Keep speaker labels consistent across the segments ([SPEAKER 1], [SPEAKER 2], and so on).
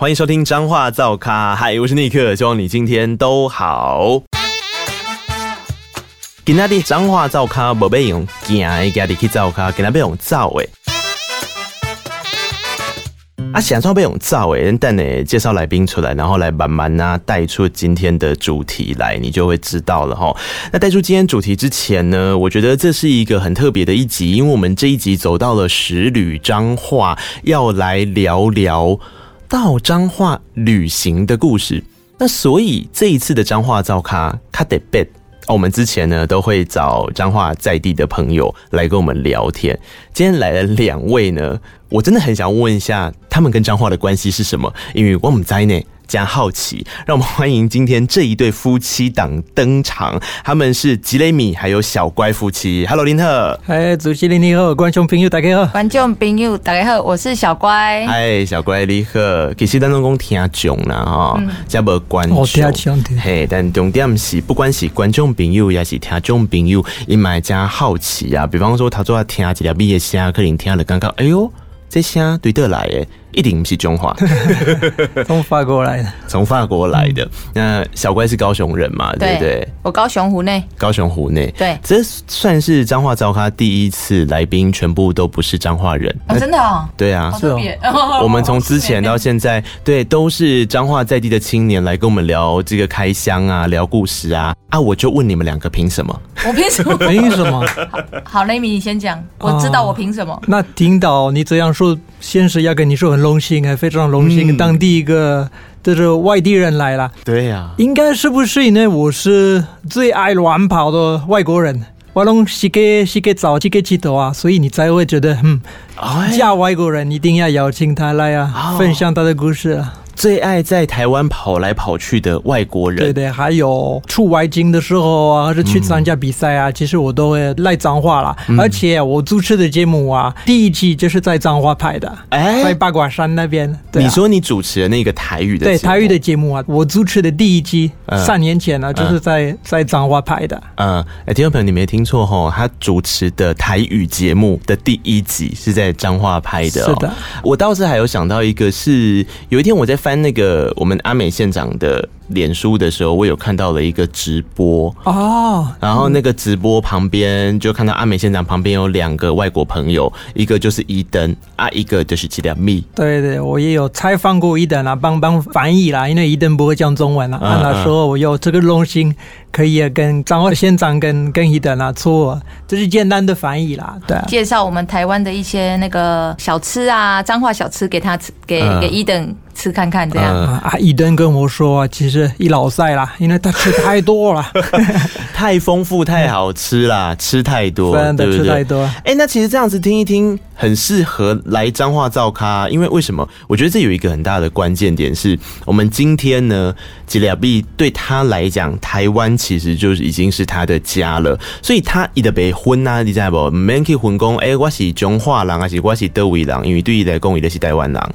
[SPEAKER 1] 歡迎收聽《彰話噪咖》。嗨，我是尼克，希望你今天都好。給他的彰話噪咖不，不被用驚，一家的去造咖，給它被用造的。啊，現場被用造的。等你介紹來賓出來，然後來慢慢吶、啊、帶出今天的主題來，你就會知道了齁。那帶出今天主題之前呢，我覺得這是一個很特別的一集，因為我們這一集走到了食旅彰化，要來聊聊。到彰化旅行的故事。那所以這一次的彰話噪咖咖得貝，哦，我們之前呢都會找彰化在地的朋友來跟我們聊天。今天來了兩位呢，我真的很想問一下，他們跟彰化的關係是什麼？因為我們在內。加好奇，讓我們歡迎今天這一對夫妻檔登場。他們是吉雷米還有小乖夫妻。Hello 林特，
[SPEAKER 2] 嗨、hey, 主持人你好，觀
[SPEAKER 3] 眾朋友大家好，觀眾朋友大家好，我是小乖，
[SPEAKER 1] 嗨，小乖你好，其實當中講聽眾啦哈，這無關，哦聽眾，嘿，但重點是不管是觀眾朋友也是聽眾朋友，伊咪加好奇啊。比方說他做下聽幾條音樂，下可人聽了剛剛哎呦，這聲對得來誒。一定不是中華，
[SPEAKER 2] 從法國來的，
[SPEAKER 1] 從法國來的。那小乖是高雄人嘛？對對，
[SPEAKER 3] 我高雄湖內。
[SPEAKER 1] 高雄湖內，對，這算是彰化噪咖第一次來賓全部都不是彰化人啊，真的啊？對啊，是
[SPEAKER 3] 哦。我們從之前
[SPEAKER 1] 到現在，對，都是彰化在地的青年來跟我們聊這個開箱啊，聊故事啊。啊，我就問你們兩個憑什麼？我
[SPEAKER 3] 憑什麼？憑什麼？好，雷米你先講，我知道我憑什麼。
[SPEAKER 2] 那聽到你這樣說，先是要跟你說很。榮幸，還非常榮幸，嗯、當地一個就是外地人來了。對呀、啊，應該是不是因為我是最愛亂跑的外國人，我攏是給是給早起給起頭啊，所以你才會覺得嗯，哎、嫁外國人一定要邀請他來啊，哦、分享他的故事啊。
[SPEAKER 1] 最愛在台灣跑來跑去的外國人，對對，
[SPEAKER 2] 還有出外景的時候啊，或者去參加比賽啊，嗯、其實我都會來彰化了。嗯、而且我主持的節目啊，第一集就是在彰化拍的，欸、在八卦山那邊。對、啊。你
[SPEAKER 1] 說你主持的那個台語的節目，對台語的
[SPEAKER 2] 節目啊，我主持的第一集、嗯、三年前呢、啊，就是在在彰化拍的。
[SPEAKER 1] 嗯，哎、欸，聽眾朋友，你沒聽錯哦，他主持的台語節目的第一集是在彰化拍的、哦。是的，我倒是還有想到一個是，是有一天我在翻。跟那個我們阿美縣長的，臉書的時候，我有看到了一個直播
[SPEAKER 2] 哦，然後那
[SPEAKER 1] 個直播旁邊就看到阿美縣長旁邊有兩個外國朋友，一個就是伊登啊，一個就是吉雷米。
[SPEAKER 2] 對對，我也有採訪過伊登啊，幫幫翻譯啦，因為伊登不會講中文啊。嗯嗯啊，那時候我有這個榮幸可以跟彰化縣長跟跟伊登啊做，這是簡單的翻譯啦，對、啊。介
[SPEAKER 3] 紹我們台灣的一些那個小吃啊，彰化小吃給他吃，給、嗯、給伊登吃看看這樣。嗯嗯、啊，
[SPEAKER 2] 伊登跟我說啊，其實。一老塞啦，因為他吃太多了，
[SPEAKER 1] 太豐富，太好吃啦，嗯、吃太多，對不對？吃太多。哎、欸，那其實這樣子聽一聽，很適合來彰化噪咖。因為為什麼？我覺得這有一個很大的關鍵點是，是我們今天呢，吉雷米對他來講，台灣其實就是已經是他的家了。所以他，他伊得被昏啊，你知道不？man ki 混工，哎、欸，我是中華人，還是我是德味人？因為對於他來講，我的是台灣人。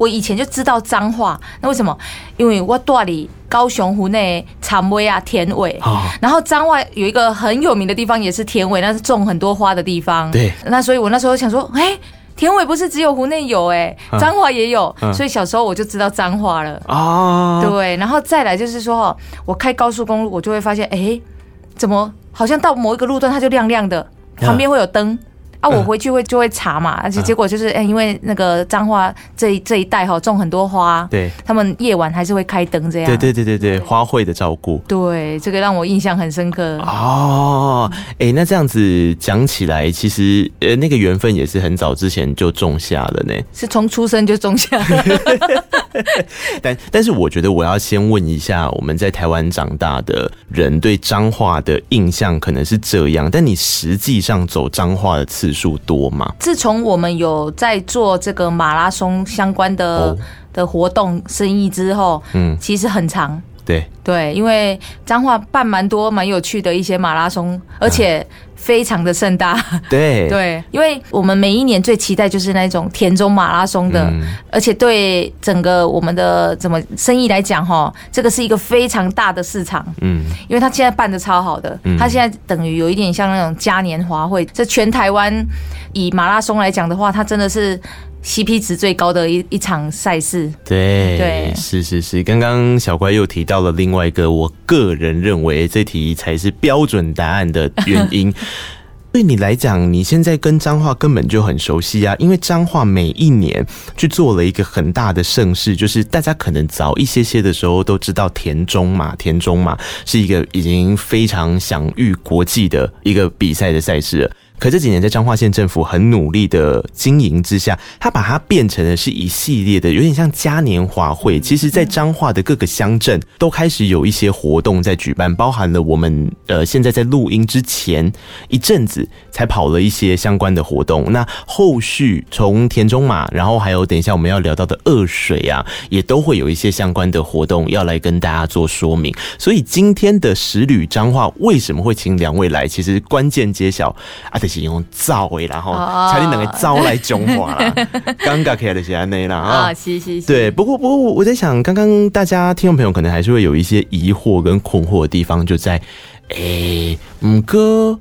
[SPEAKER 3] 我以前就知道彰化，那為什麼？因為我大理、高雄、湖內、長尾啊、田尾，然後彰化有一個很有名的地方也是田尾，那是種很多花的地方。對，那所以我那時候想說，誒、欸、田尾不是只有湖內有、欸，哎、嗯，彰化也有，所以小時候我就知道彰化了。哦、嗯，對，然後再來就是說，我開高速公路，我就會發現，誒、欸、怎麼好像到某一個路段它就亮亮的，旁邊會有燈。嗯啊，我回去會就會查嘛，而且、啊、結果就是，哎、欸，因為那個彰化這一這一帶哈，種很多花，對，他們夜晚還是會開燈這樣，對
[SPEAKER 1] 對對對對，對花卉的照顧，
[SPEAKER 3] 對，這個讓我印象很深刻。哦，
[SPEAKER 1] 哎、欸，那這樣子講起來，其實呃、欸，那個緣分也是很早之前就種下了呢，
[SPEAKER 3] 是從出生就種下。
[SPEAKER 1] 但 但是我覺得我要先問一下，我們在台灣長大的人對彰化的印象可能是這樣，但你實際上走彰化的次數多嗎？
[SPEAKER 3] 自從我們有在做這個馬拉松相關的、oh. 的活動生意之後，嗯，其實很長。對，因為彰化辦蠻多蠻有趣的一些馬拉松，而且非常的盛大。啊、對對，因為我們每一年最期待就是那種田中馬拉松的，嗯、而且對整個我們的怎麼生意來講、哦，哈，這個是一個非常大的市場。嗯，因為他現在辦得超好的，他現在等於有一點像那種嘉年華會，這全台灣以馬拉松來講的話，它真的是。CP 值最高的一一場賽事，對
[SPEAKER 1] 對，對是是是。剛剛小乖又提到了另外一個，我個人認為這題才是標準答案的原因。 對你來講，你現在跟彰化根本就很熟悉啊，因為彰化每一年去做了一個很大的盛事，就是大家可能早一些些的時候都知道田中馬，田中馬是一個已經非常享譽國際的一個比賽的賽事了。可這幾年在彰化縣政府很努力的經營之下，他把它變成了是一系列的，有點像嘉年華會。其實，在彰化的各個鄉鎮都開始有一些活動在舉辦，包含了我們呃現在在錄音之前一陣子才跑了一些相關的活動。那後續從田中馬，然後還有等一下我們要聊到的二水啊，也都會有一些相關的活動要來跟大家做說明。所以今天的食旅彰化為什麼會請兩位來？其實關鍵揭曉啊！是用招誒，然後差點兩個招來講話啦，尷尬起來哦哦就是安尼啦啊、哦，是是是。對，不過不過我在想，剛剛大家聽眾朋友可能還是會有一些疑惑跟困惑的地方，就在誒，五哥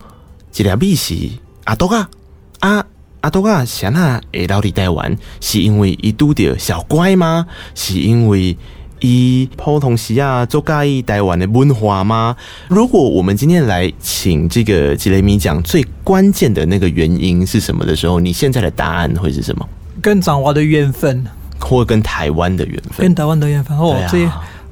[SPEAKER 1] 這條一粒米，阿多噶，阿阿多噶想啊，誒、啊，啊啊、是會留在台灣是因為一遇到小乖嗎？是因為？以不同西亞周介意台灣的文化嗎？如果我們今天來請這個吉雷米講最關鍵的那個原因是什麼的時候，你現在的答案會是什麼？
[SPEAKER 2] 跟彰化的緣分，或跟台灣的緣分，跟台灣的緣分。哦，這些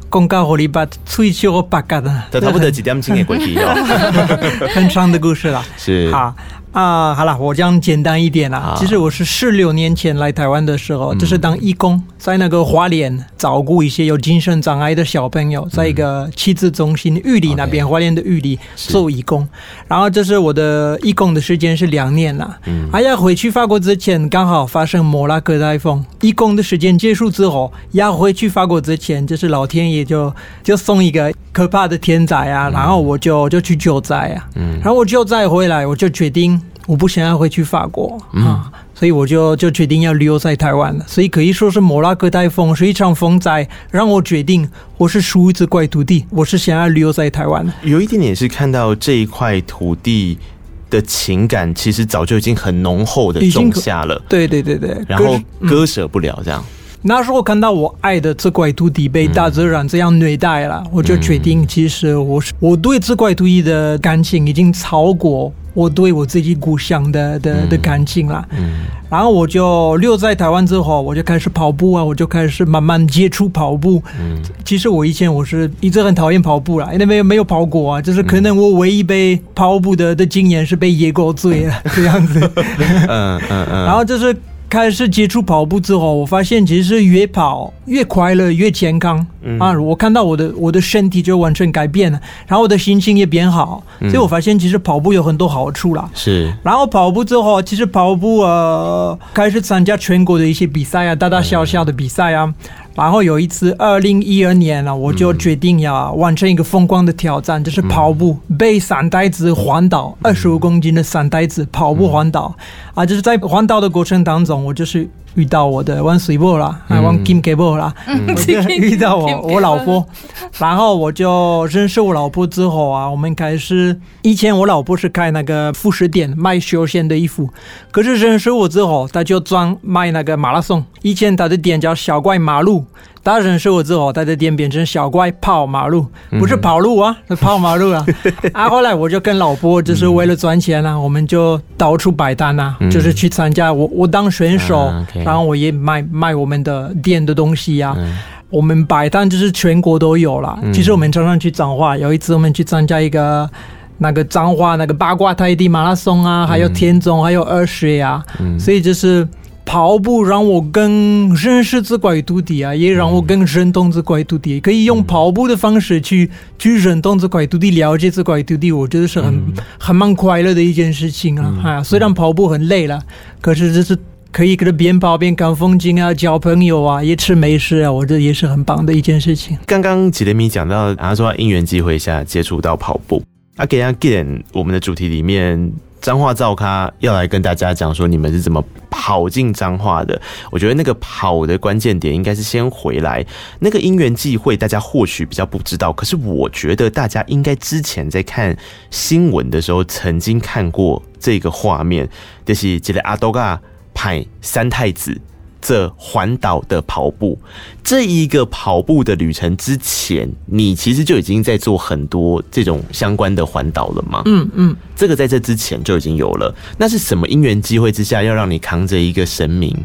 [SPEAKER 2] 公告福利把退休我八格的，他差不多幾點鐘也過去、哦， 很長的故事啦。是好。啊，好了，我講簡單一點啦。其實我是十六年前來台灣的時候，啊、就是當義工，在那個花蓮照顧一些有精神障礙的小朋友，嗯、在一個啟智中心玉里那邊，花蓮 Okay, 的玉里做義工。是然後這是我的義工的時間是兩年啦。哎呀、嗯、啊、回去法國之前剛好發生莫拉克颱風，義工的時間結束之後，要回去法國之前，就是老天爺就就送一個可怕的天災啊，嗯、然後我就就去救災啊，嗯、然後我救災回來，我就決定。我不想要回去法國啊，嗯嗯、所以我就就決定要留在台灣了。所以可以說是莫拉克台風是一場風災，讓我決定我是屬於這塊土地，我是想要留在台灣。有一點點是看到這一塊土
[SPEAKER 1] 地的情感，其實早就已經很濃厚的種下了。對對對對，嗯、然後割捨不了這樣、嗯。
[SPEAKER 2] 那時候看到我愛的這塊土地被大自然這樣虐待了，嗯、我就決定，其實我是我對這塊土地的感情已經超過。我對我自己故鄉的的、嗯、的感情啦，嗯、然後我就留在台灣之後，我就開始跑步啊，我就開始慢慢接觸跑步。嗯，其實我以前我是一直很討厭跑步啦，因為沒有，沒有跑過啊，就是可能我唯一被跑步的的經驗是被野狗追了這樣子。嗯嗯嗯， 然後就是。開始接觸跑步之後，我發現其實是越跑越快樂、越健康、嗯、啊！我看到我的我的身體就完全改變了，然後我的心情也變好，所以我發現其實跑步有很多好處啦。是、嗯，然後跑步之後，其實跑步啊、呃，開始參加全國的一些比賽啊，大大小小的比賽啊。嗯然後有一次，二零一二年了，我就決定要完成一個瘋狂的挑戰，嗯、就是跑步背沙袋子環島，二十五公斤的沙袋子跑步環島，啊、嗯，就是在環島的過程當中，我就是。遇到我的 once able 啦 o n e 啦，啦嗯、遇到我、嗯、我老婆， 然後我就認識我老婆之後啊，我們開始。以前我老婆是開那個服飾店，賣休閒的衣服，可是認識我之後，他就專賣那個馬拉松。以前他的店叫小乖馬路。大神收我之後，他的店變成小乖跑馬路，不是跑路啊，嗯、是跑馬路啊。 啊，後來我就跟老婆就是為了賺錢啊，嗯、我們就到處擺攤啊，嗯、就是去參加。我我當選手，啊 okay、然後我也賣賣我們的店的東西呀、啊。嗯、我們擺攤就是全國都有了。嗯、其實我們常常去彰化，有一次我們去參加一個那個彰化那個八卦台地馬拉松啊，嗯、還有田中，還有二水呀。嗯、所以就是。跑步讓我更認識這塊土地啊，也讓我更認同這塊土地。可以用跑步的方式去去認同這塊土地，了解這塊土地，我覺得是很、嗯、很蠻快樂的一件事情啊！哈、嗯啊，雖然跑步很累了，可是就是可以跟着邊跑邊看風景啊，交朋友啊，也吃美食啊，我覺得也是很棒的一件事情。剛
[SPEAKER 1] 剛吉雷米講到，然後說因緣機會下接觸到跑步，啊，給啊給，我們的主題裡面。彰話噪咖要來跟大家講說，你們是怎麼跑進彰化的？我覺得那個跑的關鍵點應該是先回來。那個因緣際會，大家或許比較不知道，可是我覺得大家應該之前在看新聞的時候曾經看過這個畫面，就是一個阿多嘎派三太子。這環島的跑步，這一個跑步的旅程之前，你其實就已經在做很多這種相關的環島了嘛、嗯？嗯嗯，這個在這之前就已經有了。那是什麼因緣機會之下，要讓你扛着一個神明，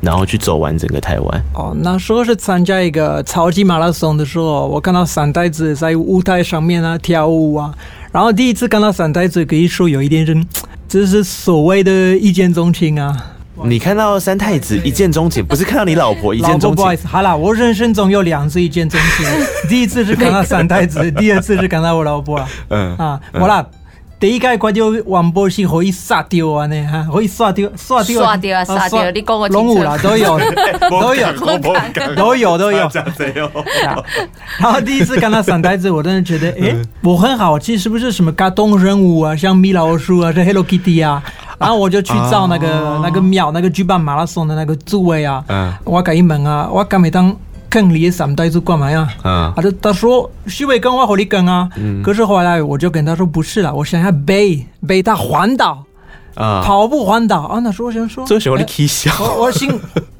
[SPEAKER 1] 然後去走完整個台灣？
[SPEAKER 2] 哦，那時候是參加一個超級馬拉松的時候，我看到三太子在舞台上面啊跳舞啊，然後第一次看到三太子，可以說有一點人，這是所謂的一見鍾情啊。
[SPEAKER 1] 你看到三太子一見鍾情，不是看到你老婆一見鍾情。不好意思，
[SPEAKER 2] 好了，我人生中有兩次一見鍾情，第一次是看到三太子，第二次是看到我老婆。嗯啊，好啦，第一個關掉王博士可以殺掉我呢嚇，可以殺掉，殺掉，殺掉啊殺掉。你
[SPEAKER 3] 講個動物啦，都有，都有，都有，都
[SPEAKER 2] 有都有。然後第一次看到三太子，我真的覺得，誒，我很好奇，是不是什麼卡通人物啊，像米老鼠啊，還是 Hello Kitty 啊？然後我就去找那個那個廟，那個舉辦馬拉松的那個主位啊。嗯。我搿一問啊，我講沒當坑裡三太子幹嘛呀？嗯。他他說許偉跟我合力跟啊，可是後來我就跟他說不是了，我想要背背他環島啊，跑步環島啊。那時候我想說，這是我的奇想。我我信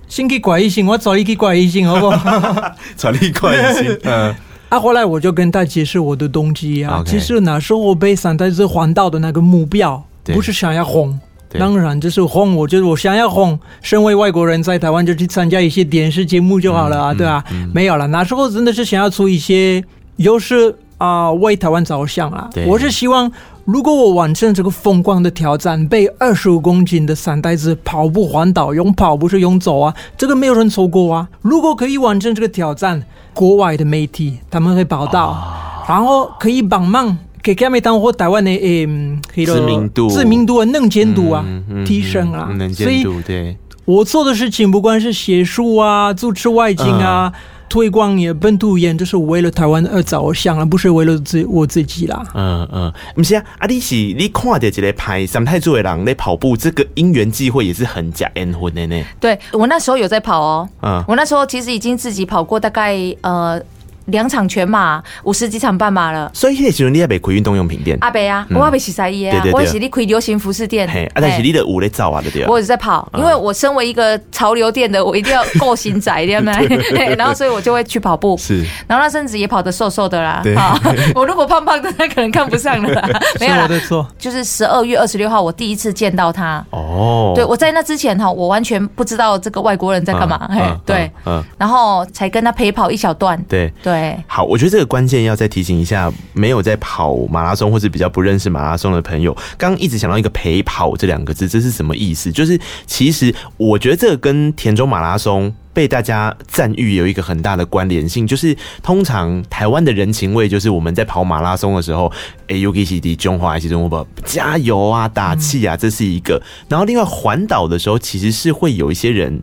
[SPEAKER 2] 信個怪異性，我找一個怪異性，好不好？找一個怪異性。嗯。啊，後來我就跟他解釋我的動機啊，其實那時候我背三太子環島的那個目標，不是想要紅。當然，就是紅！我覺得我想要紅。身為外國人在台灣，就去參加一些電視節目就好了啊，對吧？沒有了，那時候真的是想要出一些優勢，又是啊，為台灣着想啊。對我是希望，如果我完成這個瘋狂的挑戰，背二十五公斤的三太子跑步環島，用跑不是用走啊，這個沒有人錯過啊。如果可以完成這個挑戰，國外的媒體他們會報道，哦、然後可以幫忙。給廈門、台灣的誒，知、那、名、個、度、知名度能見度啊，嗯嗯嗯、提升啊，能見度所以，我做的事情不管是寫書啊，主持外景啊，嗯、推廣也本土演，都是為了台灣而着想啊，不是為了自我自己啦。嗯
[SPEAKER 1] 嗯，不是啊，阿、啊、弟是你看到個牌的這些拍上太多的人在跑步，這個因緣際會也是很巧合的呢。
[SPEAKER 3] 對我那時候有在跑哦，嗯，我那時候其實已經自己跑過大概呃。兩場全馬，五十幾場半馬了。
[SPEAKER 1] 所以那時候你也被開運動用品店。阿
[SPEAKER 3] 伯啊，我還沒啊，我是你開流行服飾店。
[SPEAKER 1] 在我在跑，因為
[SPEAKER 3] 我身為一個潮流店的，我一定要夠型仔，對。然後所以我就會去跑步。是。然後那陣子也跑的瘦瘦的啦。我如果胖胖的，他可能看不上了。沒有啦。就是十二月二十六號，我第一次見到他。哦。對，我在那之前哈，我完全不知道這個外國人在幹嘛。對。然後才跟他陪跑一小段。對。對。
[SPEAKER 1] 好，我覺得這個關鍵要再提醒一下，沒有在跑馬拉松或是比較不認識馬拉松的朋友，剛剛一直想到一個“陪跑”這兩個字，這是什麼意思？就是其實我覺得這個跟田中馬拉松被大家讚譽有一個很大的關聯性，就是通常台灣的人情味，就是我們在跑馬拉松的時候，A U K C D 中華一些同胞加油啊，打氣啊，這是一個。然後另外環島的時候，其實是會有一些人。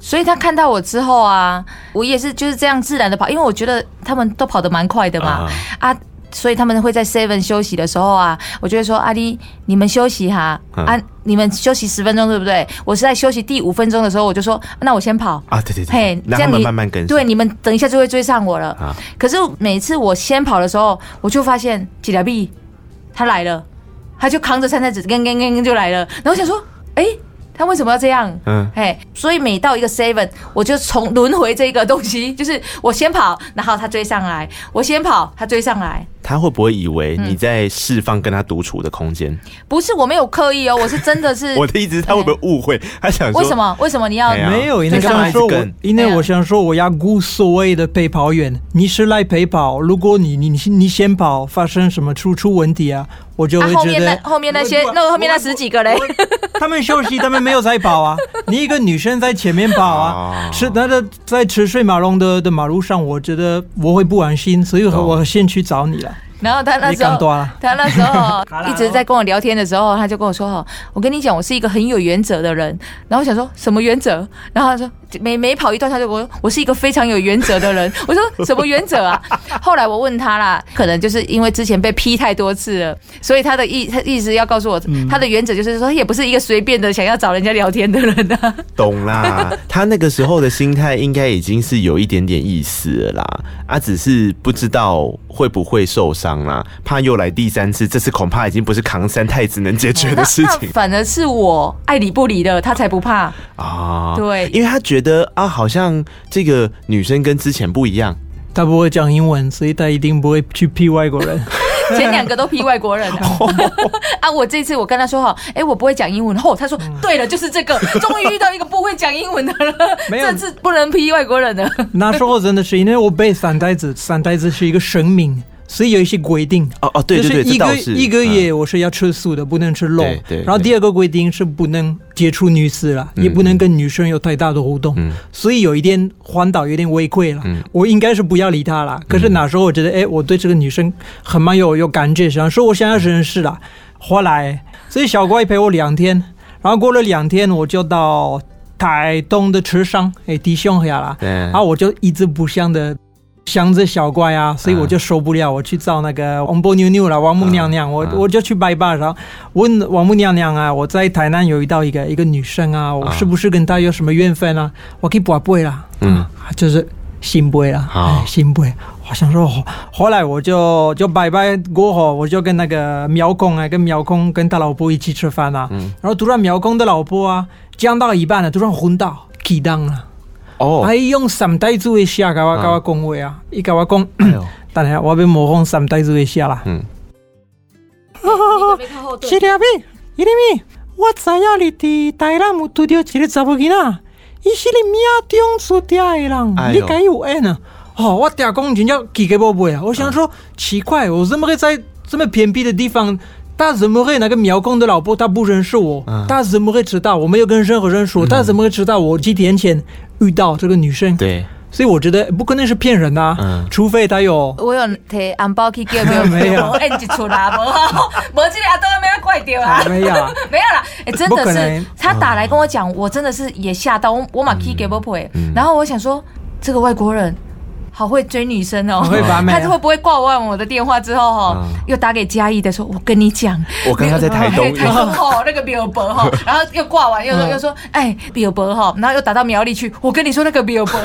[SPEAKER 3] 所以他看到我之後啊，我也是就是這樣自然的跑，因為我覺得他們都跑得蠻快的嘛，啊，所以他們會在 seven 休息的時候啊，我就會說，阿麗，你們休息哈，啊，你們休息十分鐘，對不對？我是在休息第五分鐘的時候，我就說，那我先跑
[SPEAKER 1] 啊，對對對，嘿，這樣你慢慢跟，對你
[SPEAKER 3] 們等一下就會追上我了。可是每次我先跑的時候，我就發現吉雷米，他來了，他就扛着餐菜紙，跟跟跟跟就來了，然後我想說，哎。他為什麼要這樣？嗯，嘿，所以每到一個 seven，我就從輪迴這個東西，就是我先跑，然後他追上來，我先跑，他追上來。
[SPEAKER 1] 他會不會以為你在釋放跟他獨處的空間、
[SPEAKER 3] 嗯？不是，我沒有刻意哦、喔，我是真的是。 我
[SPEAKER 1] 的意思，他會不會誤會？嘿他想說為什
[SPEAKER 3] 麼？為什麼你要沒有？為因為我想
[SPEAKER 2] 說，因為我想說，我要顧所謂的陪跑員、啊、你是來陪跑，如果你你你你先跑，發生什麼出出問題啊？我就會覺得，啊、後面那，後
[SPEAKER 3] 面那些，那後面那十幾個嘞，他
[SPEAKER 2] 們休息，他們沒有在跑啊。 你一個女生在前面跑啊， 吃，那個在車水馬龍的的馬路上，我覺得我會不安心，所以，我先去找你了。哦
[SPEAKER 3] 然後他那時候，他那時候一直在跟我聊天的時候，他就跟我說：“哈，我跟你講，我是一個很有原則的人。”然後我想說什麼原則？然後他說：“每每跑一段，他就我說我是一個非常有原則的人。”我說：“什麼原則啊？”後來我問他啦，可能就是因為之前被劈太多次了，所以他的意他一直要告訴我他的原則就是說，他也不是一個隨便的想要找人家聊天的人吶、啊。
[SPEAKER 1] 懂啦，他那個時候的心態應該已經是有一點點意思了啦，啊，只是不知道會不會受傷。怕又來第三次，這次恐怕已經不是扛三太子能解決的事情。哦、反
[SPEAKER 3] 而是我愛理不理的，他才不怕
[SPEAKER 1] 啊。哦、對，因為他覺得啊，
[SPEAKER 2] 好像這個女生跟之前不一樣，他不會講英文，所以他一定不會去批外國人。
[SPEAKER 3] 前兩個都批外國人啊！ 啊我這次我跟他說好，哎、欸，我不會講英文。哦，他說對了，就是這個，終於遇到一個不會講英文的了，沒有這次不能批外國人了。
[SPEAKER 2] 那時候真的是因為我背三太子，三太子是一個神明。所以有一些規定哦哦，對對對，一個一個月我是要吃素的，不能吃肉。然後第二個規定是不能接觸女士了，也不能跟女生有太大的互動。所以有一天環島有點違規了，我應該是不要理她了。可是那時候我覺得，哎，我對這個女生很蠻有有感覺，想說我想要認識了。後來所以小乖陪我兩天，然後過了兩天我就到台東的池上哎弟兄下了，然後我就一直不想的。想着小乖啊，所以我就受不了，我去找那個王母娘娘了。王母娘娘，嗯、我我就去拜拜，然後問王母娘娘啊，我在台南有遇到一個一個女生啊，我是不是跟她有什麼緣分啊？我可以拜拜啦，嗯，嗯，就是信拜啦，啊好，信拜、哎。我想說，後，後來我就就拜拜過後，我就跟那個廟公啊，跟廟公跟他老婆一起吃飯啊，嗯、然後突然廟公的老婆啊，講到一半了，啊，突然昏倒，起乩了。哦，哎、啊，用三代祖的寫，跟我跟我講話啊！伊跟我講，哎、呦等一下我要模仿三代祖的寫了。嗯，哈哈哈！兄弟們，兄、哦、弟們，我昨夜裡在大浪木土地上找不到了，伊是你廟中出家的人，你該有愛呢。哦，我打工寶貝啊！我想說、啊、奇怪，我怎麼會，在這麼偏僻的地方，他怎麼會那個廟工的老婆，他不認識我，啊、他怎麼會知道？我沒有跟任何人說，嗯嗯、他怎麼會知道我幾天前？我遇到這個女生，對，所以我覺得不可能是騙人吶、啊，嗯、除非他有。
[SPEAKER 3] 我有提紅包去給沒有？ 沒有、啊，哎，一出來無，沒有阿東阿要怪啊？沒有，沒有，沒有啦，誒、欸，真的是他打來跟我講，我真的是也嚇到，我我把 key 給不陪，嗯嗯、然後我想說這個外國人。好會追女生、喔、哦，他是會不會掛完我的電話之後哈、喔，嗯、又打給嘉義的說，我跟你講，我跟他在台灣，那個比 i l 哈，然後又掛完又又說，哎比 i l 哈，然後又打到苗里去，我跟你說那個比 i l 哈，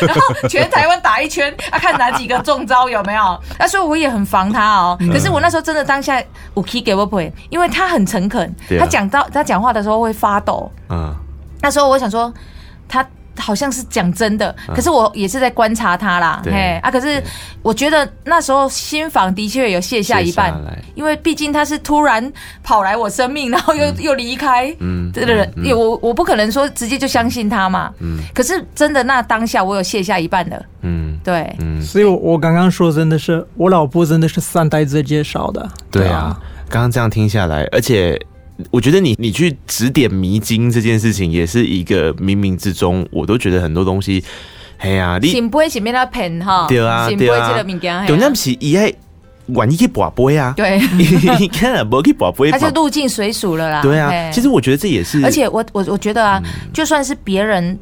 [SPEAKER 3] 然後全台灣打一圈 啊，看哪幾個中招有沒有？那時候我也很防他哦、喔，可是我那時候真的當下我 k e 給我 i l 因為他很誠懇、嗯，他講到他講話的時候會發抖，嗯，那時候我想說他。好像是講真的，可是我也是在觀察他啦，對嘿啊！可是我覺得那時候心防的確有卸下一半，因為畢竟他是突然跑來我生命，然後又、嗯、又離開，嗯，這個人，我、嗯、我不可能說直接就相信他嘛，嗯。可是真的，那當下我有卸下一半的，嗯，對，嗯。
[SPEAKER 2] 所以我我剛剛說真的是，我老婆真的是三代這介
[SPEAKER 3] 紹的，
[SPEAKER 1] 對啊，剛剛、啊、這樣聽下來，而且。我覺得你你去指點迷津這件事情，也是一個冥冥之中，我都覺得很多東西，哎呀、啊，你
[SPEAKER 3] 不會去被他騙哈，對啊，這個對啊，有
[SPEAKER 1] 那麼是也萬一去擲杯呀，對 擲擲，你看了不去擲杯，他就
[SPEAKER 3] 入境隨俗了啦，擲對啊，對其實我
[SPEAKER 1] 覺得這也是，而且
[SPEAKER 3] 我我我覺得啊，就算是別人。嗯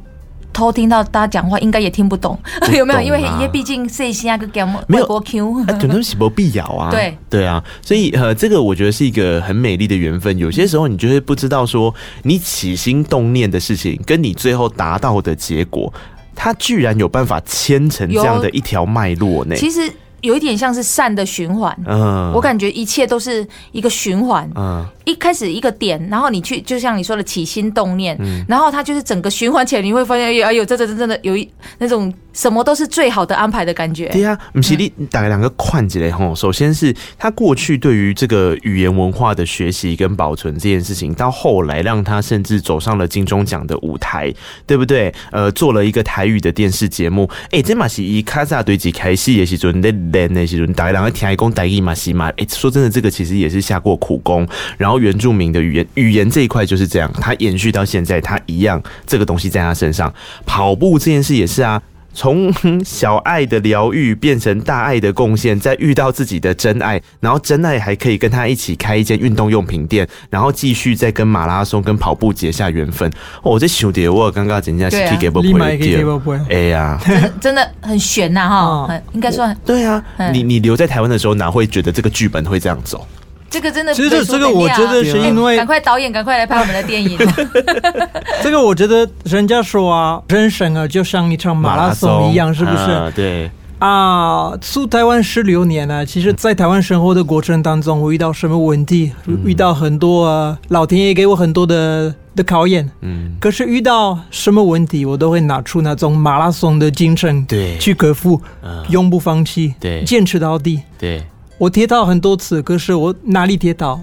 [SPEAKER 3] 偷聽到大家講話，應該也聽不懂，有懂、啊、 沒有？因為畢竟這些那個節目沒有 Q，很多
[SPEAKER 1] 是不必要啊。對對啊，所以呃，這個我覺得是一個很美麗的緣分。有些時候你就會不知道，說你起心動念的事情，跟你最後達到的結果，它居然有辦法牽成這樣的一條脈絡呢。其實。
[SPEAKER 3] 有一點像是善的循環，uh. 我感覺一切都是一個循環。Uh. 一開始一個點，然後你去，就像你說的起心動念，嗯、然後它就是整個循環起來，你會發現，哎呦，哎呦，這這這真的，真的有一那種。什麼都是最好的安排的感覺，對、啊。對呀，
[SPEAKER 1] 馬西利打開兩個框子嘞吼，首先是他過去對於這個語言文化的學習跟保存這件事情，到後來讓他甚至走上了金鐘獎的舞台，對不對？呃，做了一個台語的電視節目。哎、欸，這馬西一卡下堆積，開戲也是准得練的時候，的也是准打開兩個天工打開馬西嘛。哎、欸，說真的，這個其實也是下過苦功。然後原住民的語言語言這一塊就是這樣，他延續到現在，他一樣這個東西在他身上。跑步這件事也是啊。從小愛的療癒變成大愛的貢獻，再遇到自己的真愛，然後真愛還可以跟他一起開一間運動用品店，然後繼續再跟馬拉松跟跑步結下緣分。哦、這我這求爹，我剛剛講一下，是去給跑步開店，哎呀，
[SPEAKER 3] 真的很玄吶哈，應該說對啊。
[SPEAKER 1] 你你留在台灣的時候，哪會覺得這個劇本會這樣走？
[SPEAKER 3] 這個真的，的、啊，其實這個我覺得是因為、哎、趕快導演趕快來拍我們的電影。
[SPEAKER 2] 這個我覺得人家說啊，人生啊就像一場馬拉松一樣，是不是？對啊，住、啊、台灣十六年了、啊，其實在台灣生活的過程當中，我遇到什麼問題，嗯、遇到很多、啊、老天爺給我很多的的考驗。嗯，可是遇到什麼問題，我都會拿出那種馬拉松的精神，對，去克服，啊、永不放棄，對，堅持到底，對。我跌倒很多次，可是我哪裡跌倒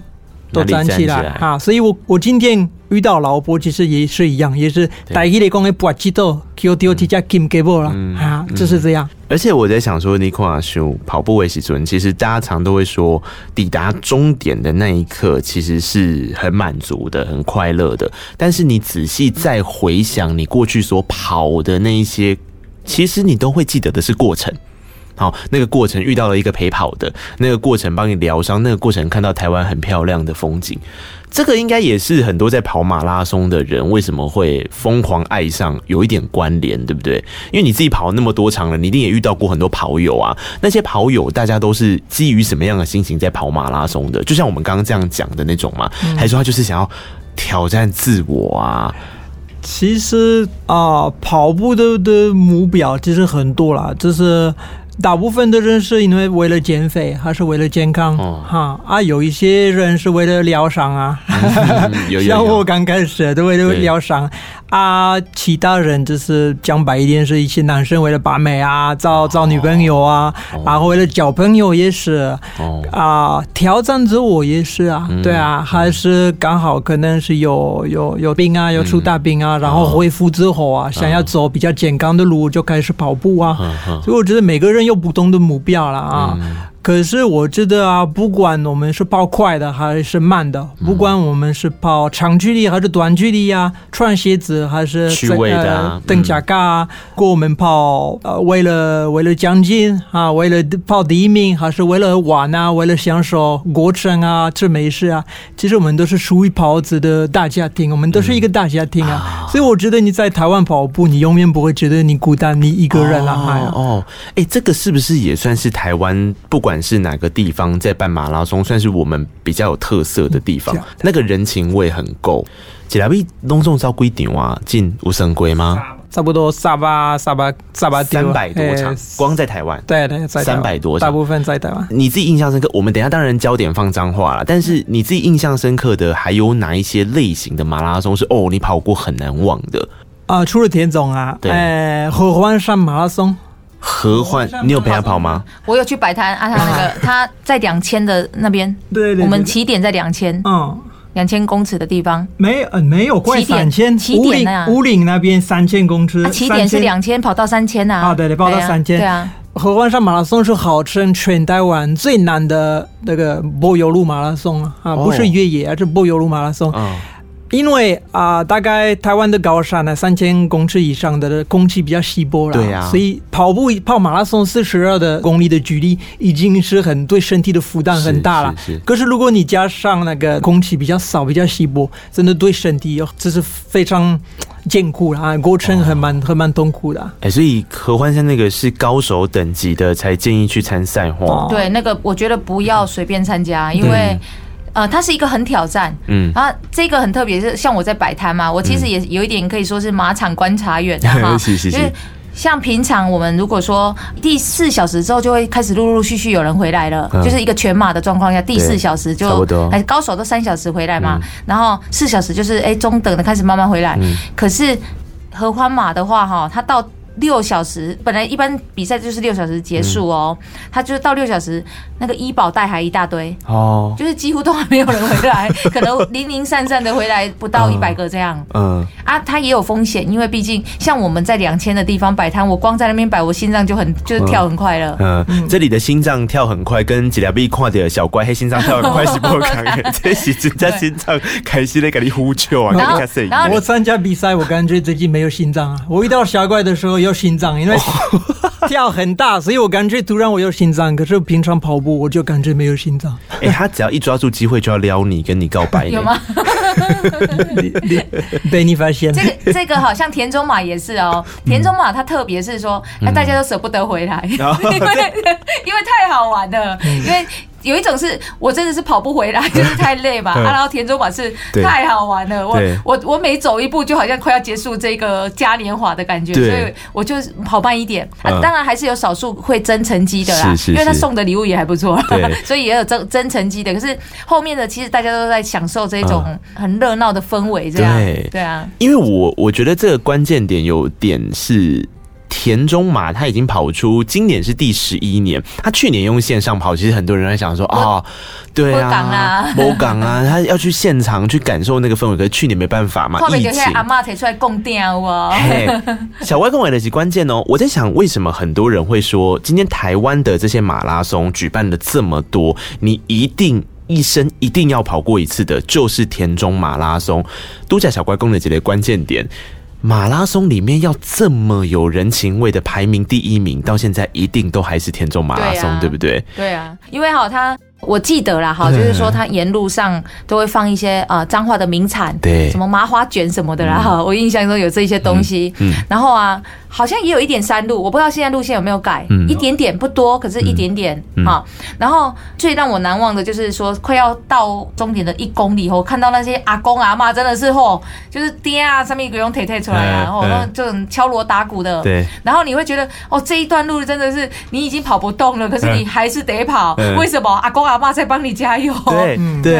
[SPEAKER 1] 都站起來了
[SPEAKER 2] 哈、啊。所以我，我我今天遇到老婆，其實也是一樣，也是台基內公的搏擊鬥，叫丟提加金給我了哈、啊，就是這樣。
[SPEAKER 1] 而且我在想說你看、啊，你克阿兄跑步為時準，其實大家常都會說，抵達終點的那一刻，其實是很滿足的、很快樂的。但是你仔細再回想你過去所跑的那一些，其實你都會記得的是過程。好，那個過程遇到了一個陪跑的那個過程，幫你療傷，那個過程看到台灣很漂亮的風景，這個應該也是很多在跑馬拉松的人為什麼會瘋狂愛上，有一點關聯，對不對？因為你自己跑那麼多場了，你一定也遇到過很多跑友啊。那些跑友大家都是基於什麼樣的心情在跑馬拉松的？就像我們剛剛這樣講的那種嘛，還說他就是想要挑戰自我啊？
[SPEAKER 2] 其實啊，呃，跑步的的目標其實很多啦，就是。大部分的人是因為為了減肥，還是為了健康，哈、哦、啊，有一些人是為了療傷啊，嗯嗯、像我剛開始的，都對為了療傷。啊，其他人就是講白一點，是一些男生為了把妹啊，找找女朋友啊，oh、然後為了交朋友也是，oh、啊，挑戰自我也是啊，oh、對啊，嗯、還是剛好可能是有有有病啊，有出大病啊，嗯、然後恢復之後啊，oh、想要走比較健康的路，就開始跑步啊，oh、所以我覺得每個人有不同的目標了啊。Oh 嗯啊可是我覺得啊，不管我們是跑快的還是慢的，嗯、不管我們是跑長距離還是短距離呀，啊，穿鞋子還是、呃、的，鄧家高啊，啊嗯、我們跑呃為了為了獎金啊，為了跑第一名，還是為了玩啊，為了享受過程啊，吃美食啊，其實我們都是屬於跑子的大家庭，我們都是一個大家庭啊。嗯、啊所以我覺得你在台灣跑步，你永遠不會覺得你孤單，你一個人來來啊
[SPEAKER 1] 哦。哦，哎、欸，這個是不是也算是台灣不管？是哪個地方在辦馬拉松？算是我們比較有特色的地方，嗯啊、那個人情味很夠。吉雷米總共跑幾場你有算過嗎？
[SPEAKER 2] 差不多，巴、巴、巴，三百多場，欸、光在台灣，對，對，對三百多，大部分在台灣。
[SPEAKER 1] 你自己印象深刻？我們等一下當然焦點放彰化了，但是你自己印象深刻的還有哪一些類型的馬拉松是哦？你跑過很難忘的
[SPEAKER 2] 啊、呃？除了田中啊，對，合歡、欸、山馬拉松。嗯合歡，你有陪他跑嗎？
[SPEAKER 3] 我有去擺攤，阿、啊、他那個他在兩千的那邊，對， 我們起點在兩千，嗯，兩千公尺的地方，
[SPEAKER 2] 沒，嗯，沒、呃、沒有快三千，起點啊，武嶺那邊三千公尺3000、啊，起點是兩
[SPEAKER 3] 千，跑到三千吶，啊，對對，跑到三千、
[SPEAKER 2] 啊，對啊。合歡山馬拉松是號稱全台灣最難的那個柏油路馬拉松啊，oh. 啊，不是越野，是柏油路馬拉松。嗯。Oh. 因為啊、呃，大概台灣的高山呢，三千公尺以上的空氣比較稀薄，對啊，所以跑步跑馬拉松四十二的公里的距離，已經是很對身體的負擔很大了。是是是可是如果你加上那個空氣比較少、比較稀薄，真的對身體有，這是非常艱苦了，然後過程很蠻、哦、很蠻痛苦的。
[SPEAKER 1] 哎、欸，所以合歡山那個是高手等級的才建議去參賽哦。
[SPEAKER 3] 對，那個我覺得不要隨便參加，嗯、因為。呃，它是一個很挑戰，嗯，然後、啊、這個很特別，是像我在擺攤嘛，我其實也有一點可以說是馬場觀察員哈，就、嗯、 是，是，是因為像平常我們如果說第四小時之後就會開始陸陸續續有人回來了，嗯、就是一個全馬的狀況下，第四小時就差不多哎、欸，高手都三小時回來嘛，嗯、然後四小時就是哎、欸、中等的開始慢慢回來，嗯、可是合歡馬的話哈、哦，它到六小時，本來一般比賽就是六小時結束哦，他、嗯、就是到六小時那個醫保帶還一大堆哦，就是幾乎都還沒有人回來， 可能零零散散的回來不到一百個這樣。嗯，啊，他也有風險，因為畢竟像我們在兩千的地方擺攤，我光在那邊擺，我心臟就很就是跳很快了。嗯，
[SPEAKER 1] 嗯、這裡的心臟跳很快，跟吉雷米看的小乖黑心臟跳很快是不一樣的， 對 這是真的心臟開心的給你呼救啊！後我
[SPEAKER 2] 參加比賽，我感覺最近沒有心臟啊，我遇到小乖的時候。有心臟，因為跳很大，所以我感覺突然我有心臟。可是平常跑步，我就感覺沒有心臟。
[SPEAKER 1] 哎、欸，他只要一抓住機會就要撩你，跟你告白，有嗎？
[SPEAKER 2] 被你發現？這個
[SPEAKER 3] 這個好像田中馬也是哦、喔，田中馬他特別是說、嗯啊，大家都捨不得回來，嗯、 因為因為太好玩了，嗯、因為。有一種是我真的是跑不回來，就是太累吧。 啊，然後田中馬是對太好玩了，我對我我每走一步就好像快要結束這個嘉年華的感覺，對所以我就跑慢一點。對啊，當然還是有少數會爭成績的啦，是是是因為他送的禮物也還不錯，對 所以也有爭爭成績的。可是後面的其實大家都在享受這種很熱鬧的氛圍，這樣對,對啊。
[SPEAKER 1] 因為我我覺得這個關鍵點有點是。田中馬他已經跑出，今年是第十一年。他去年用線上跑，其實很多人在想說啊不、哦，對啊，某港啊，播港啊，他要去現場去感受那個氛圍。可是去年沒辦法嘛，後面就是。阿
[SPEAKER 3] 媽提出來供電喔，
[SPEAKER 1] 小乖跟我來幾關鍵哦、喔。我在想，為什麼很多人會說，今天台灣的這些馬拉松舉辦了這麼多，你一定一生一定要跑過一次的，就是田中馬拉松。都假小乖供我來幾個關鍵點。馬拉松裡面要這麼有人情味的，排名第一名，到現在一定都還是田中馬拉松，對啊，對不對？
[SPEAKER 3] 對啊，因為哈他。我記得啦，哈，就是說他沿路上都會放一些啊彰化的名產，對，什麼麻花卷什麼的啦，哈，我印象中有這些東西。嗯，嗯然後啊，好像也有一點山路，我不知道現在路線有沒有改，嗯、一點點不多，可是一點點哈、嗯。然後最讓我難忘的就是說快要到終點的一公里後、喔，看到那些阿公阿嬤真的是嚯、喔，就是爹啊上面一個用腿腿出來啊，然後這種敲鑼打鼓的，對、嗯。然後你會覺得哦、喔、這一段路真的是你已經跑不動了，可是你還是得跑，嗯、為什麼阿公？.爸媽在幫你加油，
[SPEAKER 1] 對，嗯、對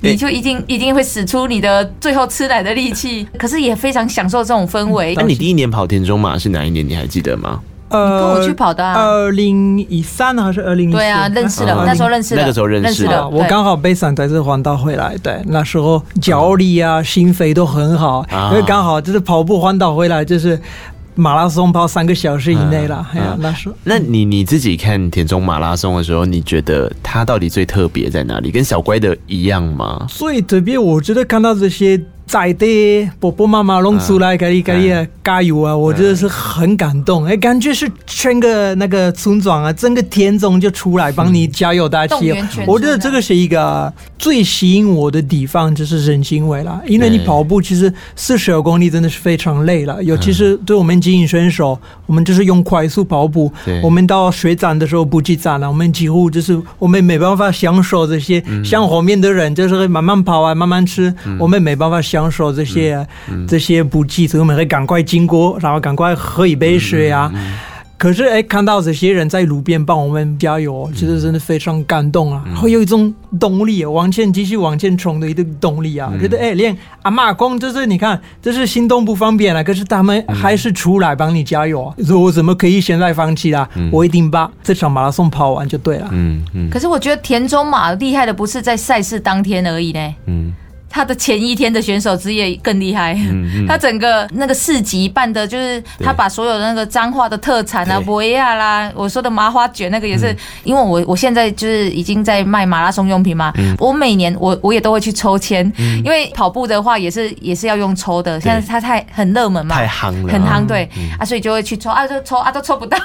[SPEAKER 1] 對，你
[SPEAKER 3] 就一定一定會使出你的最後吃奶的力氣，可是也非常享受這種氛圍、嗯。那你第
[SPEAKER 1] 一年跑田中馬是哪一年？你還記得嗎？呃、跟我
[SPEAKER 2] 去跑的，二零一三啊，呃、還是二零
[SPEAKER 3] 一四？對啊，認識了，uh huh.
[SPEAKER 2] 那時候認識，那個時候認識了，啊、對我剛好被選在這環島回來，對，那時候腳力啊、嗯、心肺都很好，啊、因為剛好就是跑步環島回來就是。馬拉松跑三個小時以內了，哎呀，那是。
[SPEAKER 1] 那你你自己看田中馬拉松的時候，你覺得他到底最特別在哪裡？跟小乖的一樣嗎？
[SPEAKER 2] 最特別，我覺得看到這些。在的，婆婆媽媽弄出來、啊、給你，給你加油啊！啊我真的是很感動，哎，感覺是全個那個村莊啊，整個田中就出來幫你加油打氣。嗯、我覺得這個是一個最吸引我的地方，就是人情味了。嗯、因為你跑步其實四十二公里真的是非常累了，嗯、尤其是對我們精英選手，我們就是用快速跑步。嗯、我們到水站的時候補給站了，我們幾乎就是我們沒辦法享受這些像後面的人，嗯、就是慢慢跑啊，慢慢吃，嗯、我們沒辦法享。享受這些、嗯嗯、這些補給，之後我們會趕快經過然後趕快喝一杯水啊。嗯嗯嗯、可是哎、欸，看到這些人在路邊幫我們加油，其實、嗯、真的非常感動啊，會、嗯、有一種動力，往前繼續往前衝的一個動力啊。嗯、覺得哎、欸，連阿媽公就是你看，就是行動不方便了、啊，可是他們還是出來幫你加油。嗯、說，我怎麼可以現在放棄啦、啊？嗯、我一定把這場馬拉松跑完就對了。嗯嗯。嗯
[SPEAKER 3] 可是我覺得田中馬厲害的不是在賽事當天而已呢。嗯。他的前一天的選手之夜更厲害，他整個那個市集辦的就是他把所有的那個彰化的特產啊，博亞啦，我說的麻花卷那個也是，因為我我現在就是已經在賣馬拉松用品嘛，我每年我我也都會去抽籤，因為跑步的話也是也是要用抽的，現在他太很熱門嘛，太夯了，很夯對啊，所以就會去抽啊，就抽啊都抽不到，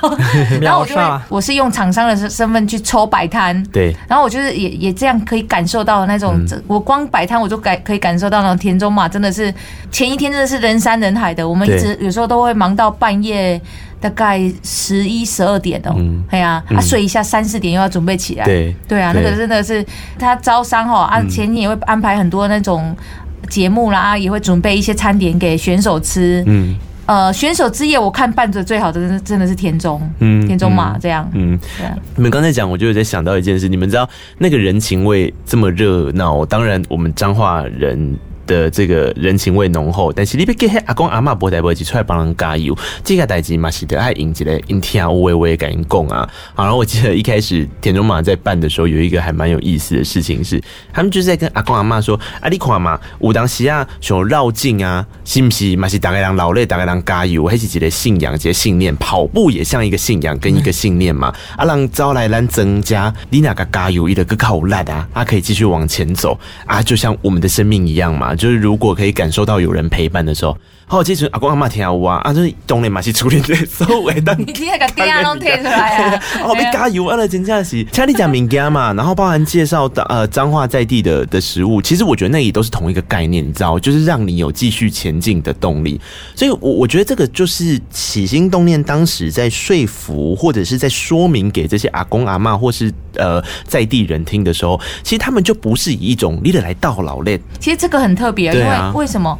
[SPEAKER 3] 然後我就會我是用廠商的身身份去抽擺攤，對，然後我就是也也這樣可以感受到那種，我光擺攤我就感。可以感受到那種，田中嘛真的是，前一天真的是人山人海的。對我們一直有時候都會忙到半夜，大概十一十二點哦、喔。嗯，對啊，他、嗯啊、睡一下三四點又要準備起來。對，對啊，那個真的是對他招商吼啊，前天也會安排很多那種節目啦，啊、嗯，也會準備一些餐點給選手吃。嗯。呃，選手之夜我看辦的最好的真的真的是田中，
[SPEAKER 1] 嗯，田中馬這
[SPEAKER 3] 樣，嗯，嗯，
[SPEAKER 1] 對啊，你們剛才講，我就有在想到一件事，你們知道那個人情味這麼熱鬧，當然我們彰化人。的這個人情味濃厚，但是你別記黑阿公阿媽不代不只出來幫人加油，這個代志嘛是得還用一個聽烏微微跟人講啊。好了，然後我記得一開始田中馬在辦的時候，有一個還蠻有意思的事情是，他們就是在跟阿公阿媽說：“阿、啊、你看嘛，有當西亞想繞境啊，是不是？嘛是大概讓勞累，大概讓加油，還是一個信仰，一個信念。跑步也像一個信仰跟一個信念嘛。阿讓招來人增加，你哪噶加油，伊的個好爛啊，阿、啊、可以繼續往前走啊，就像我們的生命一樣嘛。”就是如果可以感受到有人陪伴的時候。好，即陣阿公阿媽聽我啊，就是當然嘛是初戀理得收誒。當 你
[SPEAKER 3] 聽迄個電話都聽出來，哦，你加
[SPEAKER 1] 油，啊勒真正是。像你講民間嘛， 然後包含介紹呃彰化在地的的食物，其實我覺得那也都是同一個概念，你知道，就是讓你有繼續前進的動力。所以我我覺得這個就是起心動念，當時在說服或者是在說明給這些阿公阿媽或是呃在地人聽的時候，其實他們就不是以一種你得來倒老練。
[SPEAKER 3] 其實這個很特別，對啊、因為為什麼？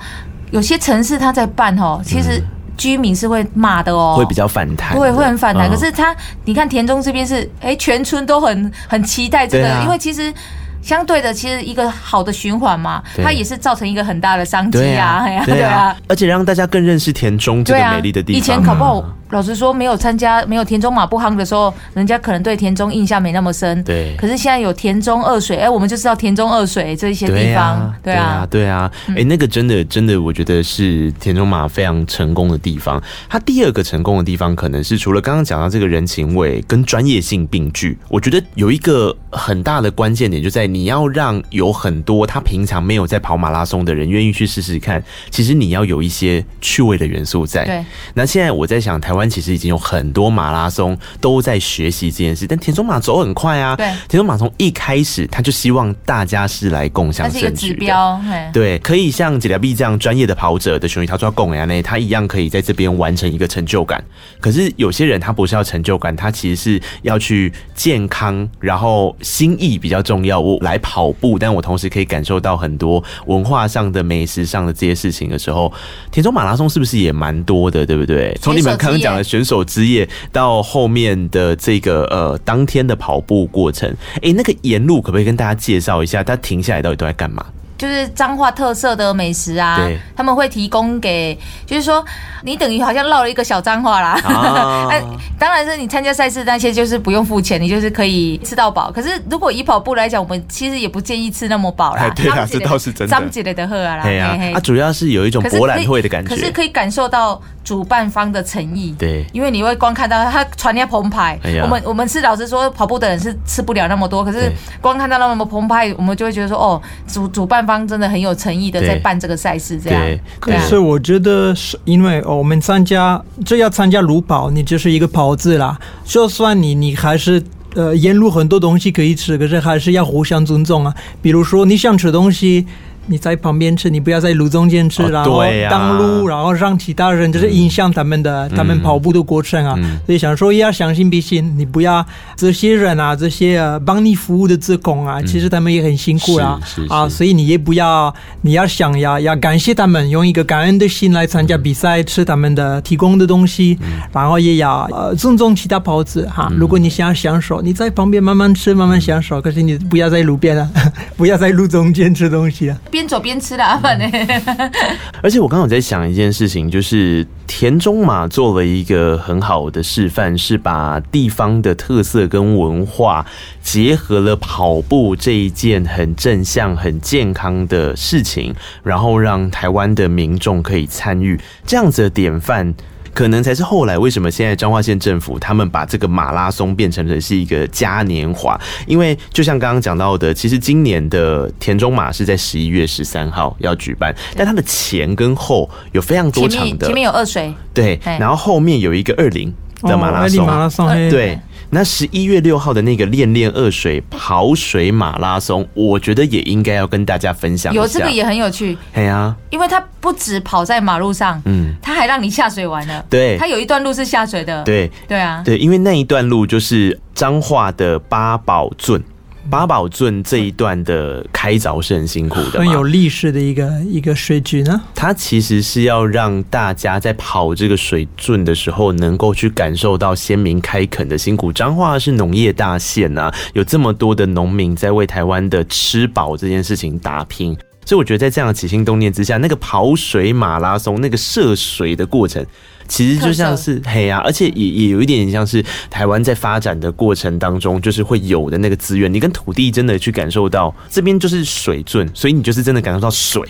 [SPEAKER 3] 有些城市他在辦吼，其實居民是會罵的哦、喔嗯，會比較反
[SPEAKER 1] 彈，對，會很反彈。嗯、可是他，
[SPEAKER 3] 你看田中這邊是，哎、欸，全村都很很期待這個，啊、因為其實相對的，其實一個好的循環嘛，啊、它也是造成一個很大的商機啊，對啊，
[SPEAKER 1] 而且讓大家更認識田中這個美麗的地方。以前可不好。
[SPEAKER 3] 老實說，沒有參加沒有田中馬不夯的時候，人家可能對田中印象沒那麼深。對。可是現在有田中二水，哎、欸，我們就知道田中二水這一些地方。對對啊，
[SPEAKER 1] 對啊，哎、啊欸，那個真的真的，我覺得是田中馬非常成功的地方。他、嗯、第二個成功的地方，可能是除了剛剛講到這個人情味跟專業性并具，我覺得有一個很大的關鍵點，就在你要讓有很多他平常沒有在跑馬拉松的人願意去試試看。其實你要有一些趣味的元素在。對。那現在我在想台灣。班其實已經有很多馬拉松都在學習這件事，但田中馬走很快啊。對，田中馬從一開始他就希望大家是來共襄盛舉，是一個指
[SPEAKER 3] 標。對，對
[SPEAKER 1] 可以像吉雷米這樣專業的跑者，的選手他要共啊，那他一樣可以在這邊完成一個成就感。可是有些人他不是要成就感，他其實是要去健康，然後心意比較重要。我來跑步，但我同時可以感受到很多文化上的、美食上的這些事情的時候，田中馬拉松是不是也蠻多的？對不對？從你們剛剛講。選手之夜到後面的這個呃，當天的跑步過程，誒、欸，那個沿路可不可以跟大家介紹一下？他停下來到底都在幹嘛？
[SPEAKER 3] 就是彰化特色的美食啊，對他們會提供給，就是說你等於好像落了一個小彰化啦、啊 啊。當然，是你參加賽事那些就是不用付錢，你就是可以吃到飽。可是如果以跑步來講，我們其實也不建議吃那麼飽啦、哎。對啊，這倒是真的。髒之類的喝啦。對啊它嘿、啊、
[SPEAKER 1] 主要是有一種博覽會的感覺可可。可是可
[SPEAKER 3] 以感受到主辦方的誠意。對，因為你會光看到他場面澎湃。對我們我們是老實說，跑步的人是吃不了那麼多。可是光看到那麼澎湃，對我們就會覺得說，哦，主主辦方。方真的很有誠意的在辦這個賽事，這樣。對可是
[SPEAKER 2] 我覺得是因為我們參加，就要參加路跑，你就是一個跑字啦。就算你你還是呃沿路很多東西可以吃，可是還是要互相尊重啊。比如說你想吃東西。你在旁邊吃，你不要在路中間吃，哦對啊、然後擋路，然後讓其他人、嗯、就是影響他們的他們跑步的過程啊。嗯、所以想說也要將心比心，你不要這些人啊，這些呃幫你服務的職工啊，嗯、其實他們也很辛苦啊啊，所以你也不要，你要想要，要感謝他們，用一個感恩的心來參加比賽，嗯、吃他們的提供的東西，嗯、然後也要呃尊重其他跑者哈。嗯、如果你想要享受，你在旁邊慢慢吃，慢慢享受，可是你不要在路邊啊，嗯、 不要在路中間吃東西啊。
[SPEAKER 3] 邊走邊吃的，嗯、
[SPEAKER 1] 而且我剛好在想一件事情，就是田中馬做了一個很好的示範，是把地方的特色跟文化結合了跑步這一件很正向、很健康的事情，然後讓台灣的民眾可以參與這樣子的典範。可能才是後來為什麼現在彰化縣政府他們把這個馬拉松變成的是一個嘉年華，因為就像剛剛講到的，其實今年的田中馬是在十一月十三號要舉辦，但它的前跟後有非常多場，的前面有二水，對，然後後面有一個二林
[SPEAKER 3] 的馬拉松，對。
[SPEAKER 1] 那十一月六號的那個戀戀二水跑水馬拉松，我覺得也應該要跟大家分享一下，有這個也
[SPEAKER 3] 很有趣，對啊，因為它不止跑在馬路上，嗯，它還讓你下水玩了。對，它有一段路是下水的。對，對啊，
[SPEAKER 1] 對，因為那一段路就是彰化的八堡圳。八寶圳這一段的開鑿是很辛苦的，很有
[SPEAKER 2] 歷史的一個一個水渠呢。
[SPEAKER 1] 它其實是要讓大家在跑這個水圳的時候，能夠去感受到先民開墾的辛苦。彰化是農業大縣啊，有這麼多的農民在為台灣的吃飽這件事情打拼，所以我覺得在這樣的起心動念之下，那個跑水馬拉松，那個涉水的過程。其實就像是嘿啊，而且也也有一點像是台灣在發展的過程當中，就是會有的那個資源。你跟土地真的去感受到，這邊就是水圳，所以你就是真的感受到水。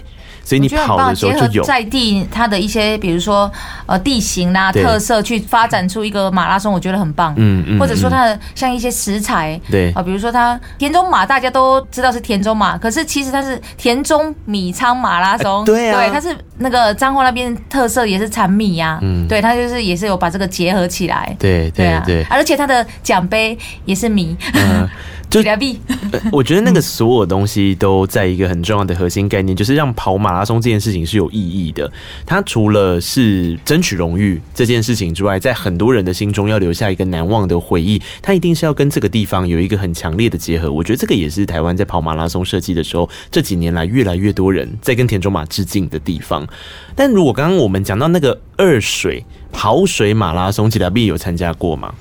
[SPEAKER 1] 所以你跑的時候就有我覺得很棒，結合在
[SPEAKER 3] 地它的一些，比如說呃地形啦、特色，去發展出一個馬拉松，我覺得很棒。嗯嗯。或者說它的像一些食材，對啊，比如說它田中馬，大家都知道是田中馬，可是其實它是田中米倉馬拉松。對啊。對，它是那個彰化，那邊特色也是產米呀。嗯。對，它就是也是有把這個結合起來。
[SPEAKER 1] 對對
[SPEAKER 3] 對。而且它的獎杯也是米。嗯。 吉雷米、呃，
[SPEAKER 1] 我覺得那個所有東西都在一個很重要的核心概念，嗯、就是讓跑馬拉松這件事情是有意義的。它除了是爭取榮譽這件事情之外，在很多人的心中要留下一個難忘的回憶，它一定是要跟這個地方有一個很強烈的結合。我覺得這個也是台灣在跑馬拉松設計的時候，這幾年來越來越多人在跟田中馬致敬的地方。但如果剛剛我們講到那個二水跑水馬拉松，吉雷米有參加過嗎？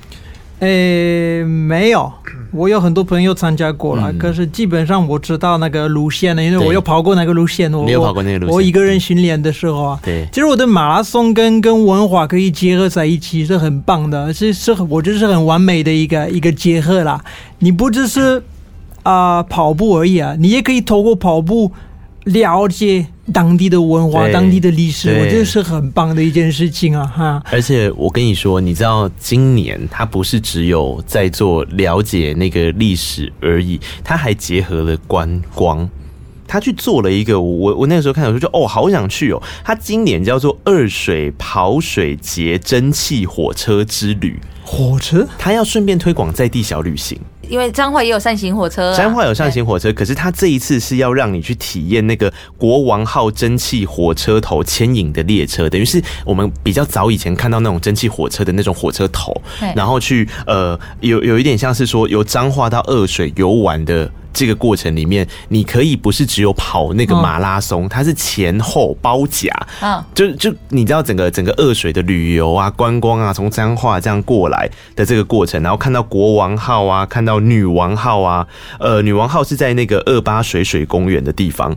[SPEAKER 2] 誒、欸，沒有。我有很多朋友參加過了，嗯、可是基本上我知道那個路線了，因為我有跑過那個路線。我沒有跑過那個路線。我一個人訓練的時候啊，對對，其實我的馬拉松跟跟文化可以結合在一起，是很棒的，是是我就是很完美的一個一個結合啦。你不只是啊對、呃、跑步而已啊，你也可以透過跑步。了解當地的文化、對當地的歷史，對我覺得是很棒的一件事情啊！哈。
[SPEAKER 1] 而且我跟你說，你知道今年他不是只有在做了解那個歷史而已，他還結合了觀光，他去做了一個我我那個時候看小說就哦好想去哦，他今年叫做二水跑水節蒸汽火車之旅，火車他要順便推廣在地小旅行。
[SPEAKER 3] 因為彰化也有扇形火車，啊，彰化
[SPEAKER 1] 有扇形火車，可是他這一次是要讓你去體驗那個國王號蒸汽火車頭牽引的列車，等於是我們比較早以前看到那種蒸汽火車的那種火車頭，然後去呃，有有一點像是說由彰化到二水遊玩的。這個過程裡面，你可以不是只有跑那個馬拉松，哦、它是前後包夾啊，哦、就就你知道整個整個二水的旅遊啊、觀光啊，從彰化這樣過來的這個過程，然後看到國王號啊，看到女王號啊，呃，女王號是在那個二八水水公園的地方，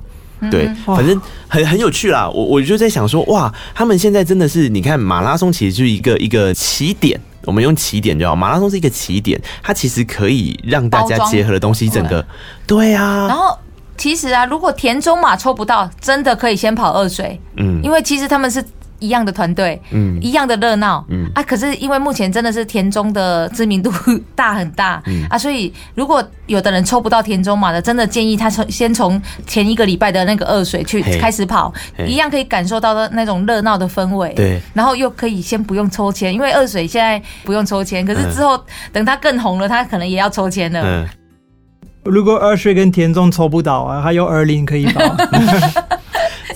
[SPEAKER 1] 對，嗯嗯，反正很很有趣啦。我我就在想說，哇，他們現在真的是，你看馬拉松其實就是一個一個起點。我們用起點就好，馬拉松是一個起點，它其實可以讓大家結合的東西，整個，
[SPEAKER 3] 包裝，對啊、嗯。然後其實啊，如果田中馬抽不到，真的可以先跑二水，嗯，因為其實他們是。一樣的團隊，嗯，一樣的熱鬧，嗯啊，可是因為目前真的是田中的知名度大很大，嗯啊，所以如果有的人抽不到田中馬的，真的建議他從先從前一個禮拜的那個二水去開始跑，嘿一樣可以感受到的那種熱鬧的氛圍，對，然後又可以先不用抽籤，因為二水現在不用抽籤，可是之後等他更紅了，他可能也要抽籤
[SPEAKER 2] 了、嗯。如果二水跟田中抽不到啊，還有二林可以跑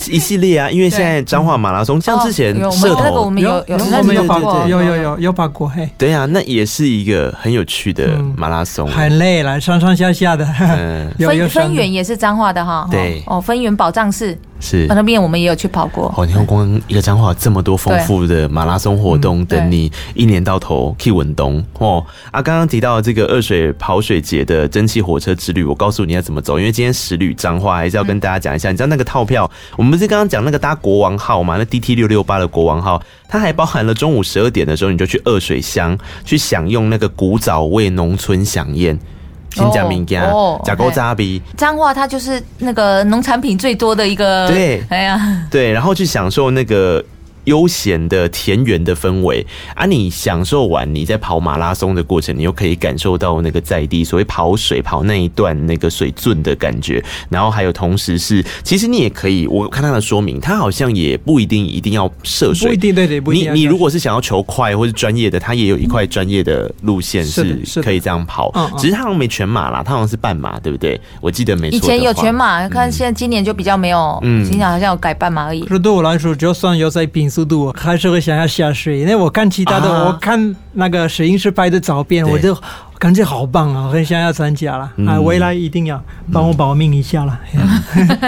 [SPEAKER 2] 一系列啊，因為現在
[SPEAKER 1] 彰化馬拉松，對像之前、哦、社頭有有有有有有，過，有有
[SPEAKER 2] 有有跑過，
[SPEAKER 3] 嘿，
[SPEAKER 1] 對呀、啊，那也是一個很有趣的馬拉松，嗯、
[SPEAKER 2] 很累了，來上上下下的，
[SPEAKER 1] 有芬芬園
[SPEAKER 3] 也是彰化的哈，對、嗯、哦，芬園寶藏寺。是，哦、那邊我們也有去跑過。
[SPEAKER 1] 哦，你看，光一個彰化這麼多豐富的馬拉松活動等你，一年到頭去運動、嗯、哦。啊，剛剛提到這個二水跑水節的蒸汽火車之旅，我告訴你要怎麼走，因為今天食旅彰化還是要跟大家講一下。嗯、你知道那個套票，我們不是剛剛講那個搭國王號嘛？那 D T 六六八的國王號，它還包含了中午十二點的時候你就去二水鄉去享用那個古早味農村饗宴。先講民間，甲溝扎鼻，
[SPEAKER 3] 彰、哦、化它就是那個農產品最多的一個。對，哎呀，
[SPEAKER 1] 對，然後去享受那個。悠閒的田園的氛圍啊！你享受完你在跑馬拉松的過程，你又可以感受到那個在地所謂跑水跑那一段那個水準的感覺。然後還有同時是，其實你也可以，我看他的說明，他好像也不一定一定要涉水，不一定對，對對，不一定。你你如果是想要求快或是專業的，他也有一塊專業的路線是可以這樣跑。是是只是他好像沒全馬啦，他好像是半馬，對不對？我記得沒
[SPEAKER 3] 錯。以前有全馬，嗯、看現在今年就比較沒有。嗯，今年好像有改半馬而已。
[SPEAKER 2] 這對我來說，就算要在冰，速度還是會想要下水，因為我看其他的，啊、我看那個攝影師拍的照片，對我就。感覺好棒啊！很想要參加啦！嗯、啊，未來一定要幫我保命一下啦。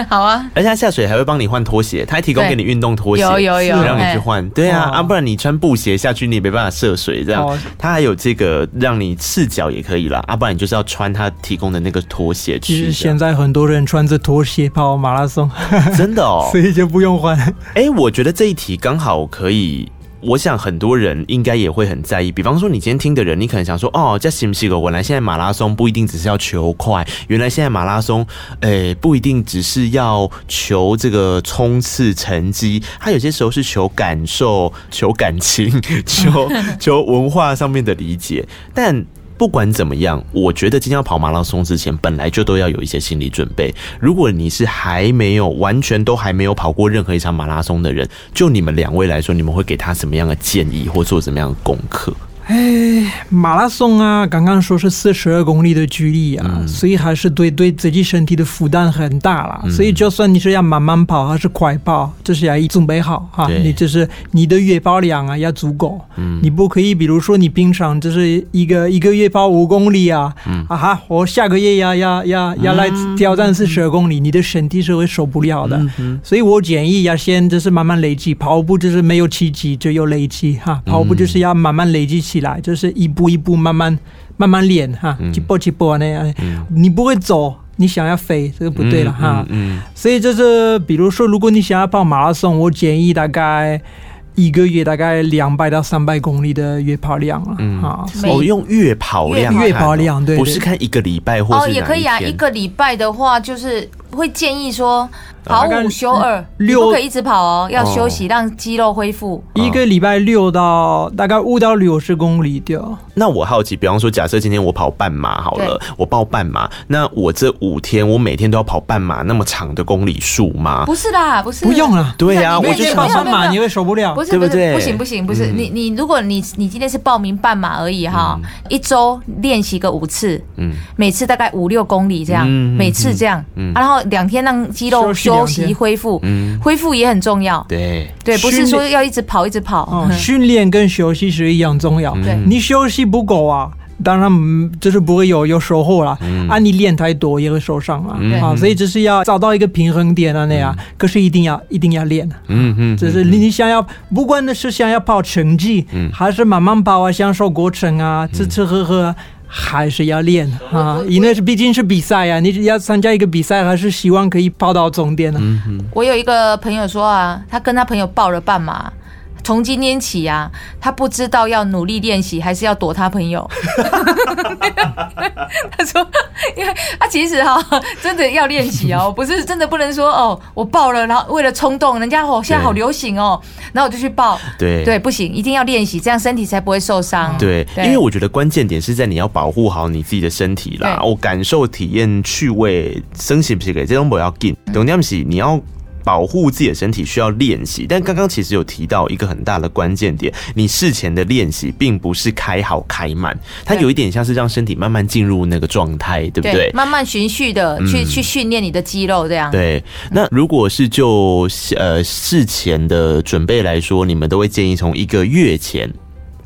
[SPEAKER 2] 好
[SPEAKER 3] 啊！
[SPEAKER 1] 而且他下水還會幫你換拖鞋，他還提供給你運動拖鞋，有有有，有是讓你去換。對啊，哦、啊不然你穿布鞋下去，你也沒辦法涉水這樣。哦、他還有這個讓你赤腳也可以啦。啊不然你就是要穿他提供的那個拖鞋去。其實
[SPEAKER 2] 現在很多人穿着拖鞋跑馬拉松， 真的哦，所以就不用換。
[SPEAKER 1] 哎、欸，我覺得這一題剛好可以。我想很多人應該也會很在意，比方說你今天聽的人，你可能想說哦，這是不是，原來現在馬拉松不一定只是要求快，原來現在馬拉松，誒、欸，不一定只是要求這個衝刺成績，它有些時候是求感受、求感情、求求文化上面的理解，但。不管怎麼樣，我覺得今天要跑馬拉松之前，本來就都要有一些心理準備。如果你是還沒有，完全都還沒有跑過任何一場馬拉松的人，就你們兩位來說，你們會給他什麼樣的建議，或做什麼樣的功課？
[SPEAKER 2] 哎，馬拉松啊，剛剛說是四十二公里的距離啊，嗯、所以還是對對自己身體的負擔很大啦。嗯、所以，就算你是要慢慢跑還是快跑，就是要準備好哈對、啊，你就是你的月跑量啊要足夠。嗯、你不可以，比如說你平常就是一個一個月跑五公里啊，嗯、啊哈，我下個月、啊、要要要要來挑戰四十二公里，嗯、你的身體是會受不了的。嗯、哼所以我建議要先就是慢慢累積跑步，就是沒有奇蹟，只有累積哈。啊嗯、跑步就是要慢慢累積起。來就是一步一步慢慢慢慢練哈，起步起步那樣。嗯、你不會走，你想要飛，這個不對了哈、嗯。嗯，嗯哈，所以就是比如說，如果你想要跑馬拉松，我建議大概一個月大概兩百到三百公里的月跑量啊，嗯、
[SPEAKER 1] 哈，不、哦、用月跑量、哦，月，月跑量對，對，不是看一個禮拜或是哦也可以啊，一
[SPEAKER 3] 個禮拜的話就是。會建議說，跑五休二，你不可以一直跑哦，要休息，讓肌肉恢復。
[SPEAKER 2] 一個禮拜六到大概五到六十公里掉。
[SPEAKER 1] 那我好奇，比方說，假設今天我跑半馬好了，我報半馬，那我這五天我每天都要跑半馬那麼長的公里數嗎？不
[SPEAKER 3] 是啦，不是，不用啊。對呀，我就是，你跑半馬你會
[SPEAKER 2] 受不了，不是不是，不行不行，不是你你
[SPEAKER 3] 如果你你今天是報名半馬而已哈，一周練習個五次，嗯，每次大概五六公里這樣，每次這樣，然後。兩天讓肌肉休息恢復，恢復也很重要。
[SPEAKER 2] 對，對，不是說
[SPEAKER 3] 要一直跑一直跑。
[SPEAKER 2] 訓練跟休息是一樣重要。對，你休息不夠啊，當然就是不會有有收穫了。啊，你練太多也會受傷啊。啊，所以就是要找到一個平衡點啊那樣。可是一定要一定要練。嗯嗯，就是你想要，不管你是想要跑成績，還是慢慢跑啊，享受過程啊，吃吃喝喝。還是要練啊，因為是畢竟是比賽呀，你只要參加一個比賽，還是希望可以跑到終點的。
[SPEAKER 3] 我有一個朋友說啊，他跟他朋友報了半馬。從今天起呀、啊，他不知道要努力練習，還是要躲他朋友。 他說，因為他、啊、其實哈、喔，真的要練習哦， 不是真的不能說哦、喔，我報了，然後為了衝動，人家哦現在好流行哦、喔，對然後我就去報。對對，不行，一定要練習，這樣身體才不會受傷、喔。
[SPEAKER 1] 對，對因為我覺得關鍵點是在你要保護好你自己的身體啦。我對對、哦、感受、體驗、趣味、身心，不是的，這種不要緊。嗯、重點是你要。保護自己的身體需要練習，但剛剛其實有提到一個很大的關鍵點，你事前的練習並不是開好開滿，它有一點像是讓身體慢慢進入那個狀態，對，對不對，對？
[SPEAKER 3] 慢慢循序的去、嗯、去訓練你的肌肉，這樣。
[SPEAKER 1] 對，那如果是就呃事前的準備來說，你們都會建議從一個月前，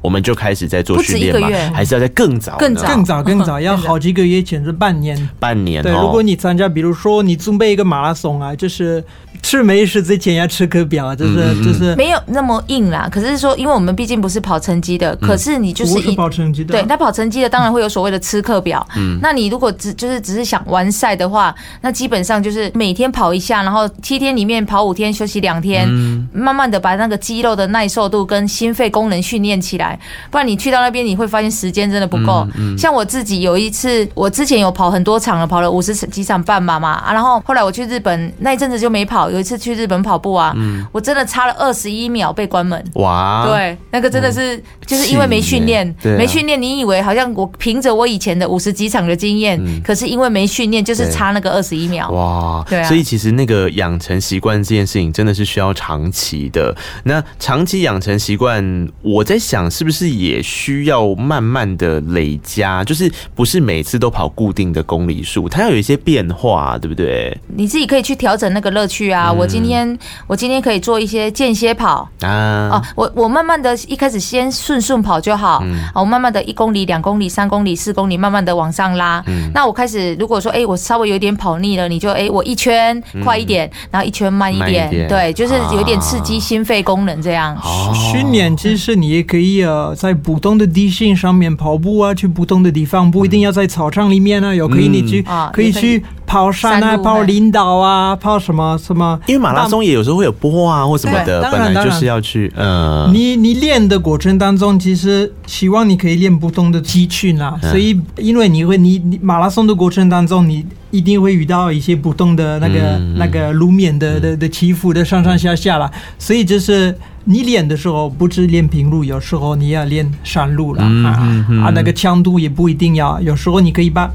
[SPEAKER 1] 我們就開始在做訓練嘛，還是要在更早、更早，更早、更早、
[SPEAKER 2] 更早，要好幾個月前，甚至 半年、
[SPEAKER 1] 半年。對，如果
[SPEAKER 2] 你參加，比如說你準備一個馬拉松啊，就是吃美食之前要吃課表，啊，就是嗯嗯就是
[SPEAKER 3] 沒有那麼硬啦。可是說，因為我們畢竟不是跑成績的，嗯、可是你就是一不是跑成績的、啊對，那跑成績的當然會有所謂的吃課表。嗯，嗯，那你如果只就是只是想完賽的話，那基本上就是每天跑一下，然後七天裡面跑五天，休息兩天，嗯、慢慢的把那個肌肉的耐受度跟心肺功能訓練起來。不然你去到那邊，你會發現時間真的不夠。像我自己有一次，我之前有跑很多場了，跑了五十幾場半馬嘛嘛啊。然後後來我去日本那一陣子就沒跑。有一次去日本跑步啊，我真的差了二十一秒被關門。哇！對，那個真的是就是因為沒訓練，沒訓練。你以為好像我憑着我以前的五十幾場的經驗，可是因為沒訓練，就是差那個二十一秒。
[SPEAKER 1] 哇！對啊，所以其實那個養成習慣這件事情真的是需要長期的。那長期養成習慣，我在想是。是不是也需要慢慢的累加？就是不是每次都跑固定的公里數，它要有一些變化，對不對？
[SPEAKER 3] 你自己可以去調整那個樂趣啊。嗯、我今天我今天可以做一些間歇跑啊，啊。我我慢慢的一開始先順順跑就好。好、嗯啊，我慢慢的一公里、兩公里、三公里、四公里，慢慢的往上拉。嗯、那我開始如果說，哎，我稍微有點跑膩了，你就哎，我一圈快一點，嗯、然後一圈慢一點，一點對，就是有點刺激心肺功能這樣。哦、訓
[SPEAKER 2] 練其實你也可以、啊。呃，在不同的地形上面跑步啊，去不同的地方，不一定要在操場裡面啊，嗯、有可以你去、嗯、可以去。跑山啊，跑領導啊，跑什麼什麼？因為馬拉松也有
[SPEAKER 1] 時候會有坡啊，那或什麼的。當然，就是要去。然呃，你
[SPEAKER 2] 你練的過程當中，其實希望你可以練不同的肌群啊。嗯、所以，因為你會你你馬拉松的過程當中，你一定會遇到一些不同的那個、嗯、那個路面的、嗯、的的，的起伏的上上下下啦。所以，就是你練的時候，不止練平路，有時候你要練山路啦。啊，那個強度也不一定要，有時候你可以把。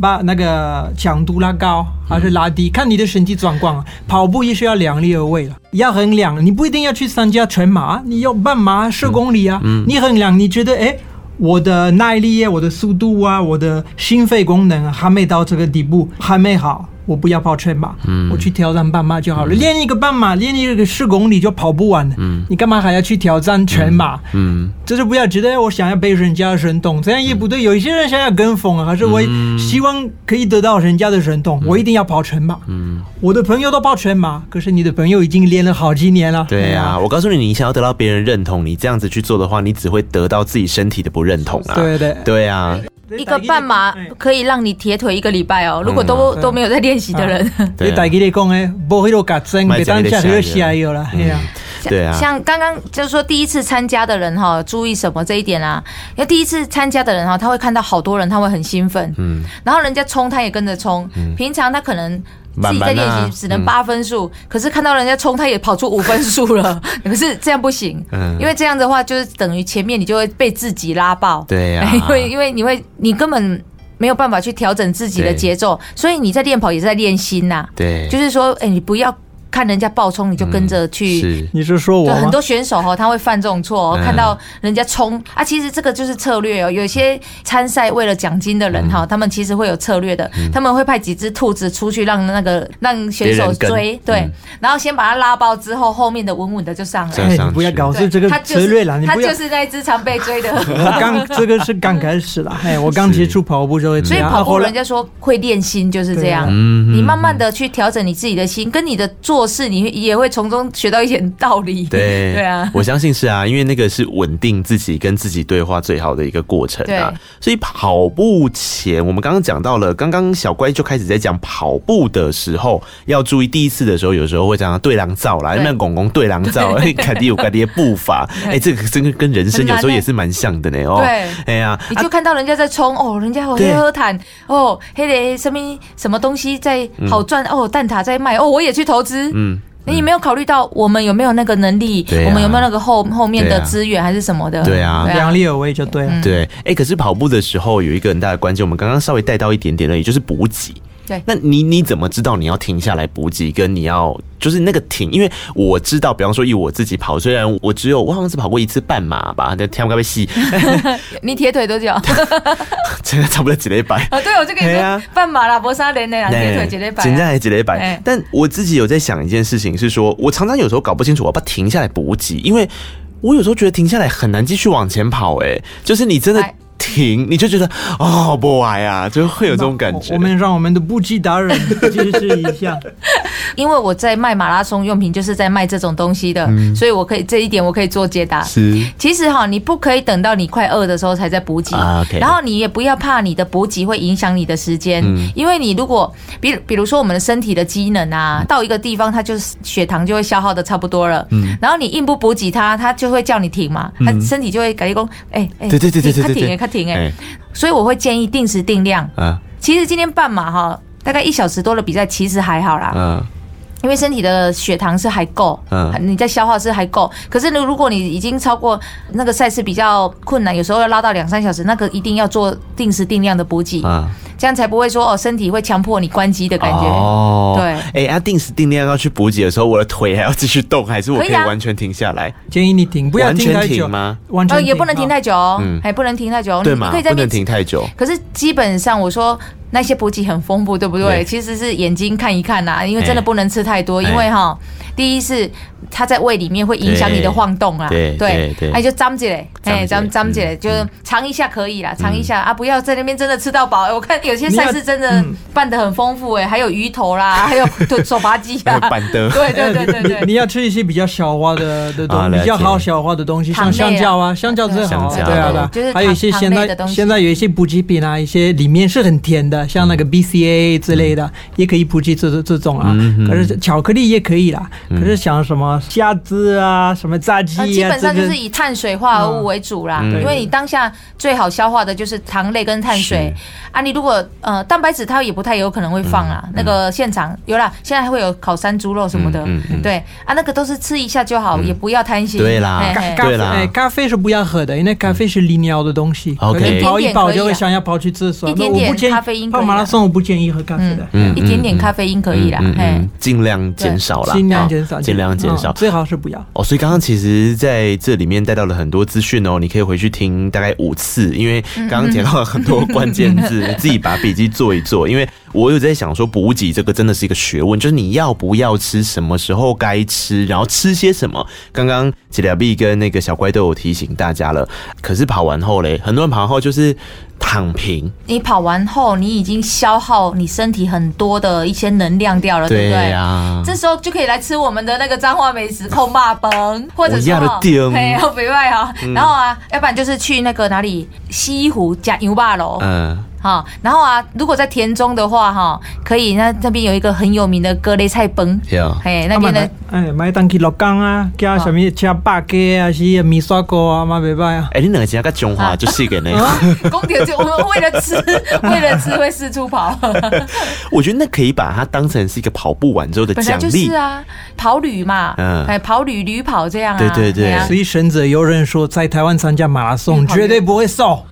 [SPEAKER 2] 把那個強度拉高還是拉低，嗯、看你的身體狀況、啊。跑步也是要量力而為了，要衡量。你不一定要去參加全馬，你要半馬、十公里啊。嗯、你衡量，你覺得哎，我的耐力、啊、我的速度啊，我的心肺功能還沒到這個地步，還沒好。我不要跑全馬，嗯、我去挑戰半馬就好了。練、嗯、一個半馬，練一個十公里就跑不完、嗯、你幹嘛還要去挑戰全馬嗯？嗯，這就不要覺得我想要被人家認同，這樣也不對。有些人想要跟風啊，還是我希望可以得到人家的認同。嗯、我一定要跑全馬。嗯，我的朋友都跑全馬，可是你的朋友已經練了好幾年了。對呀、啊，對
[SPEAKER 1] 啊、我告訴你，你想要得到別人認同，你這樣子去做的話，你只會得到自己身體的不
[SPEAKER 2] 認同啊。對對對對。對呀、啊。
[SPEAKER 3] 一個半馬可以讓你鐵腿一個禮拜哦。如果都、嗯啊、都沒有在練習的人，
[SPEAKER 2] 對啊、對啊，
[SPEAKER 3] 像剛剛就是說第一次參加的人哈、哦，注意什麼這一點啊？因為第一次參加的人哈、哦，他會看到好多人，他會很興奮，嗯，然後人家衝他也跟着衝，嗯、平常他可能。自己在練習只能八分數，嗯、可是看到人家衝，他也跑出五分數了。 可是這樣不行，嗯、因為這樣的話就是等於前面你就會被自己拉爆。對呀、啊，因為因為你會你根本沒有辦法去調整自己的節奏，對所以你在練跑也是在練心吶、啊。對，就是說，哎、欸，你不要。看人家爆衝，你就跟着去。
[SPEAKER 2] 你是說我？很多
[SPEAKER 3] 選手哈，他會犯這種錯。看到人家衝啊，其實這個就是策略哦。有些參賽為了獎金的人哈，他們其實會有策略的。他們會派幾隻兔子出去，讓那個讓選手追對，然後先把他拉爆，之後後面的穩穩的就上來。不要搞是這個策略啦，他就是那只常被追的。剛這個是
[SPEAKER 2] 剛開始啦，哎，我剛接觸跑步就會，所以跑步人家
[SPEAKER 3] 說會練心就是這樣。你慢慢的去調整你自己的心，跟你的做。做事你也會從中學到一點道理，對對啊，我
[SPEAKER 1] 相信是啊，因為那個是穩定自己跟自己對話最好的一個過程啊。所以跑步前，我們剛剛講到了，剛剛小乖就開始在講跑步的時候要注意，第一次的時候有時候會講到對狼照啦，那公公對狼照，改滴有改滴步伐，哎，這個真的跟人生有時候也是蠻像的呢哦。對，哎呀，你就
[SPEAKER 3] 看到人家在衝哦，人家好喝喝毯哦嘿，的什麼什麼東西在好賺哦，蛋塔在賣哦，我也去投資。嗯，你有沒有考慮到我們有沒有那個能力，嗯、我們有沒有那個後後面的資源還是什麼的？對啊，量力
[SPEAKER 2] 而為就對了，啊。
[SPEAKER 1] 對，哎、欸，可是跑步的時候有一個很大的關鍵，我們剛剛稍微帶到一點點而已，也就是補給。對，那你你怎麼知道你要停下來補給？跟你要就是那個停，因為我知道，比方說以我自己跑，雖然我只有我好像是跑過一次半馬吧，就天不被細。
[SPEAKER 3] 你鐵腿多久？
[SPEAKER 1] 真 的 差不多幾禮拜。啊、哦，
[SPEAKER 3] 對我就跟你說，半馬啦，無三連連啦，鐵對腿幾禮拜、啊、拜。減下來幾禮拜。但
[SPEAKER 1] 我自己有在想一件事情，是說我常常有時候搞不清楚我要不要停下來補給，因為我有時候覺得停下來很難繼續往前跑，欸，哎，就是你真的。停，你就覺得哦不玩呀，就會有這種感覺。嗯、我，我們讓我們的補給達
[SPEAKER 2] 人解釋一下。
[SPEAKER 3] 因為我在賣馬拉松用品，就是在賣這種東西的，嗯、所以我可以這一點我可以做解答。是，其實哈，你不可以等到你快餓的時候才在補給，啊 okay、然後你也不要怕你的補給會影響你的時間，嗯、因為你如果，比，比如說我們的身體的機能啊，到一個地方它就是血糖就會消耗的差不多了，嗯、然後你硬不補給它，它就會叫你停嘛，他、嗯、身體就會感覺說，哎、欸、哎，欸、對對對對對，停，它停，停。欸，所以我會建議定時定量。嗯，啊，其實今天半馬哈，大概一小時多的比賽，其實還好啦。嗯，啊。因為身體的血糖是還夠，嗯，你在消耗是還夠。嗯、可是如果你已經超過那個賽事比較困難，有時候要拉到兩三小時，那個一定要做定時定量的補給，啊，嗯、這樣才不會說哦，身體會強迫你關機的感覺。哦，對。
[SPEAKER 1] 哎、欸，那、啊、定時定量要去補給的時候，我的腿還要繼續動，還是我可以完全停下來？啊、建議你停，不要停太久停嗎？完全
[SPEAKER 3] 停？完全停、哦呃、也不能停太久哦，還不能停太久，對嗎？不能停太久。可是基本上我說。那些補給很豐富，對不對？Yes. 其實是眼睛看一看吶、啊，因為真的不能吃太多，Hey. 因為齁，Hey. 第一是。它在胃裡面會影響你的晃動啦。對對，哎，就張姐，哎，張張姐就嘗一下可以啦，嘗一下啊，不要在那邊真的吃到飽。我看有些菜是真的拌得很豐富哎，還有魚頭啦，還有手扒雞啊，對對對對對。
[SPEAKER 2] 你要吃一些比較消化的的東西，比較好消化的東西，像香蕉啊，香蕉最好，對啊，就是還有一些現在現在有一些補給品啊，一些裡面是很甜的，像那個 BCAA 之類的，也可以補給這這種啊。可是巧克力也可以啦，可是想什麼？蝦子啊，什麼炸雞啊？基本上就是以
[SPEAKER 3] 碳水化合物為主啦，因為你當下最好消化的就是糖類跟碳水啊。你如果呃蛋白質，它也不太有可能會放啊。那個現場有啦，現在還會有烤山豬肉什麼的。對啊，那個都是吃一下就好，也不要貪心。對啦，
[SPEAKER 2] 對啦，哎，咖啡是不要喝的，因為咖啡是利尿的東西，一點點可以跑一跑就會想要跑去廁所。一點點
[SPEAKER 3] 咖啡因，跑馬拉松
[SPEAKER 2] 我不建議喝咖啡的，
[SPEAKER 1] 一點點
[SPEAKER 3] 咖啡因可以啦，哎，
[SPEAKER 1] 盡量減少啦，盡量減少，盡量減。好，
[SPEAKER 3] 最好是不要
[SPEAKER 1] 哦。所以剛剛其實在這裡面帶到了很多資訊哦，你可以回去聽大概五次，因為剛剛講到了很多關鍵字，嗯嗯，自己把筆記做一做。 因為我有在想說補給這個真的是一個學問，就是你要不要吃，什麼時候該吃，然後吃些什麼。剛剛吉雷米跟那個小乖都有提醒大家了，可是跑完後嘞，很多人跑完後就是。躺平，
[SPEAKER 3] 你跑完後，你已經消耗你身體很多的一些能量掉了，對，啊、對不對？這時候就可以來吃我們的那個彰化美食，空罵崩，或者說，沒有，沒有、啊，啊嗯、然後啊，要不然就是去那個哪裡，西湖加牛扒樓，嗯。哈，然後啊，如果在田中的話，哈，可以那那邊有一個很有名的各類菜崩，嘿，那邊的
[SPEAKER 2] 哎，買東去落工啊，叫什麼吃白雞啊，是米沙鍋啊，沒辦法啊，哎，你兩個現在在中華就四個呢，工
[SPEAKER 3] 底就我們為了吃，為了吃會四處跑，
[SPEAKER 2] 我覺得那可以把它當成是一個跑步完之後的獎勵，
[SPEAKER 3] 是啊，跑旅嘛，嗯，哎，跑旅旅跑這樣，對對對，所
[SPEAKER 2] 以甚至有人說，在台灣參加馬拉松絕對不會瘦，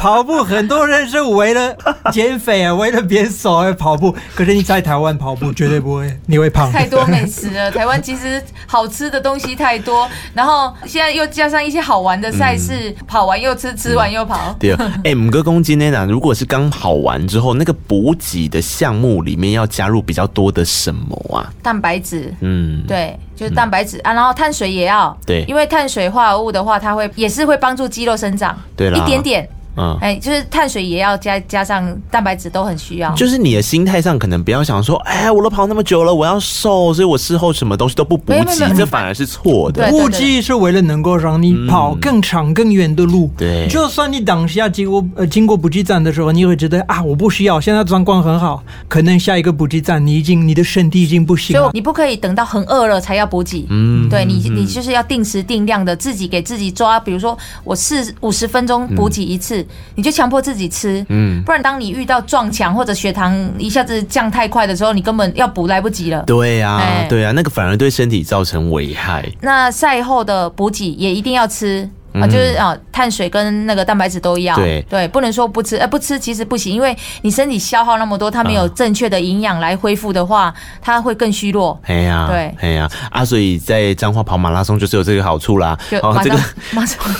[SPEAKER 2] 跑步很多人。但是我為了減肥啊，為了變瘦而跑步，可是你在台灣跑步絕對不會，你會胖。太多
[SPEAKER 3] 美食了， 台灣其實好吃的東西太多，然後現在又加上一些好玩的賽事，嗯、跑完又吃，吃完又跑。嗯、對、哦，哎、欸，
[SPEAKER 1] 母哥公今天吶，如果是剛跑完之後，那個補給的項目裡面要加入比較多的什麼啊？
[SPEAKER 3] 蛋白質，嗯，對，就是蛋白質、嗯、啊，然後碳水也要，對，因為碳水化合物的話，它會也是會幫助肌肉生長，對了，一點點。嗯，哎、欸，就是碳水也要加加上蛋白質都很需要，就是
[SPEAKER 1] 你的心態上可能不要想說，哎，我都跑那麼久了，我要瘦，所以我事後什麼東西都不補給，嗯嗯、這反而是錯的。補給
[SPEAKER 2] 是為了能夠讓你跑更長更遠的路。對、嗯，就算你當下經過呃經過補給站的時候，你會覺得啊，我不需要，現在狀況很好，可能下一個補給站你已經你的身體已經不行了。所以你
[SPEAKER 3] 不可以等到很餓了才要補給。嗯，對你你就是要定時定量的自己給自己抓，比如說我四五十分鐘補給一次。嗯你就強迫自己吃，嗯、不然當你遇到撞牆或者血糖一下子降太快的時候，你根本要補來不及了。對啊，欸、對
[SPEAKER 1] 啊，那個反而對身體造成危
[SPEAKER 3] 害。那賽後的補給也一定要吃。啊，就是啊，碳水跟那個蛋白質都一樣。對對，不能說不吃，呃，不吃其實不行，因為你身體消耗那麼多，它沒有正確的營養來恢復的話，它會更虛弱。
[SPEAKER 1] 哎呀，對，哎呀，啊，所以在彰化跑馬拉松就是有這個好處啦，就這個
[SPEAKER 3] 馬上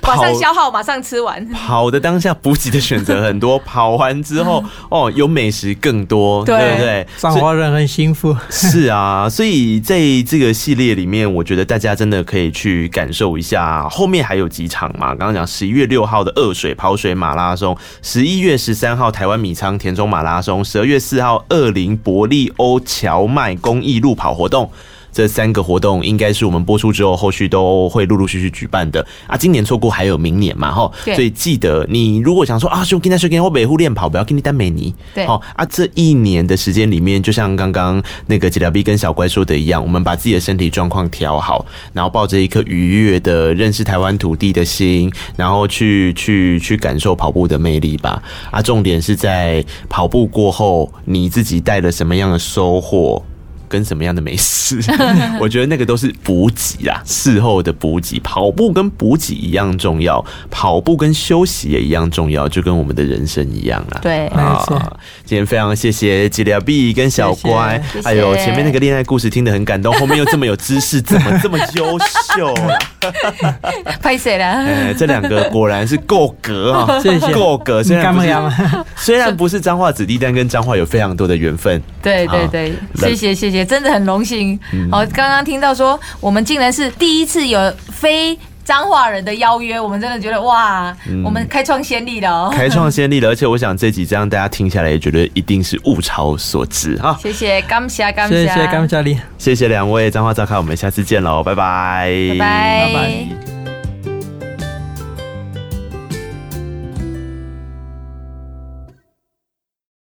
[SPEAKER 3] 馬上消耗，馬上吃完，跑
[SPEAKER 1] 的當下補給的選擇很多，跑完之後哦，有美食更多，對不對？彰化
[SPEAKER 2] 人很幸福。
[SPEAKER 1] 是啊，所以在這個系列裡面，我覺得大家真的可以去感受一下後面還，還有幾場嘛？剛剛講十一月六號的二水跑水馬拉松，十一月十三號台灣米倉田中馬拉松，十二月四號二零伯利歐蕎麥公益路跑活動。這三個活動應該是我們播出之後，後續都會陸陸續續舉辦的啊！今年錯過還有明年嘛，哈對。所以記得，你如果想說對啊，就跟他說，跟我北護練跑，不要跟你單美尼。對。好啊，這一年的時間裡面，就像剛剛那個吉條 B 跟小乖說的一樣，我們把自己的身體狀況調好，然後抱着一顆愉悅的認識台灣土地的心，然後去去去感受跑步的魅力吧。啊，重點是在跑步過後，你自己帶了什麼樣的收穫？跟什麼樣的美食？我覺得那個都是補給啊，事後的補給。跑步跟補給一樣重要，跑步跟休息也一樣重要，就跟我們的人生一樣啊。對，啊。今天非常謝謝吉良 B 跟小乖，還有前面那個戀愛故事聽得很感動，後面又這麼有知識，怎麼這麼
[SPEAKER 3] 優秀啊？派誰了？哎，這兩個
[SPEAKER 1] 果然是夠格啊，夠格。雖然不是，雖然不是髒話子弟，但跟髒話有非常多的緣分。對對對，謝謝
[SPEAKER 3] 謝謝。也真的很榮幸。好、嗯，剛剛、哦、聽到說我們竟然是第一次有非彰化人的邀約，我們真的覺得哇，嗯、我們開創先，先例了。開創
[SPEAKER 1] 先例了，而且我想這集大家聽下來也覺得一定是物超所值啊！
[SPEAKER 3] 謝謝，感謝，感謝，謝謝，感
[SPEAKER 1] 謝謝謝兩位彰化大咖，我們下次見嘍，拜拜，拜拜 bye。Bye bye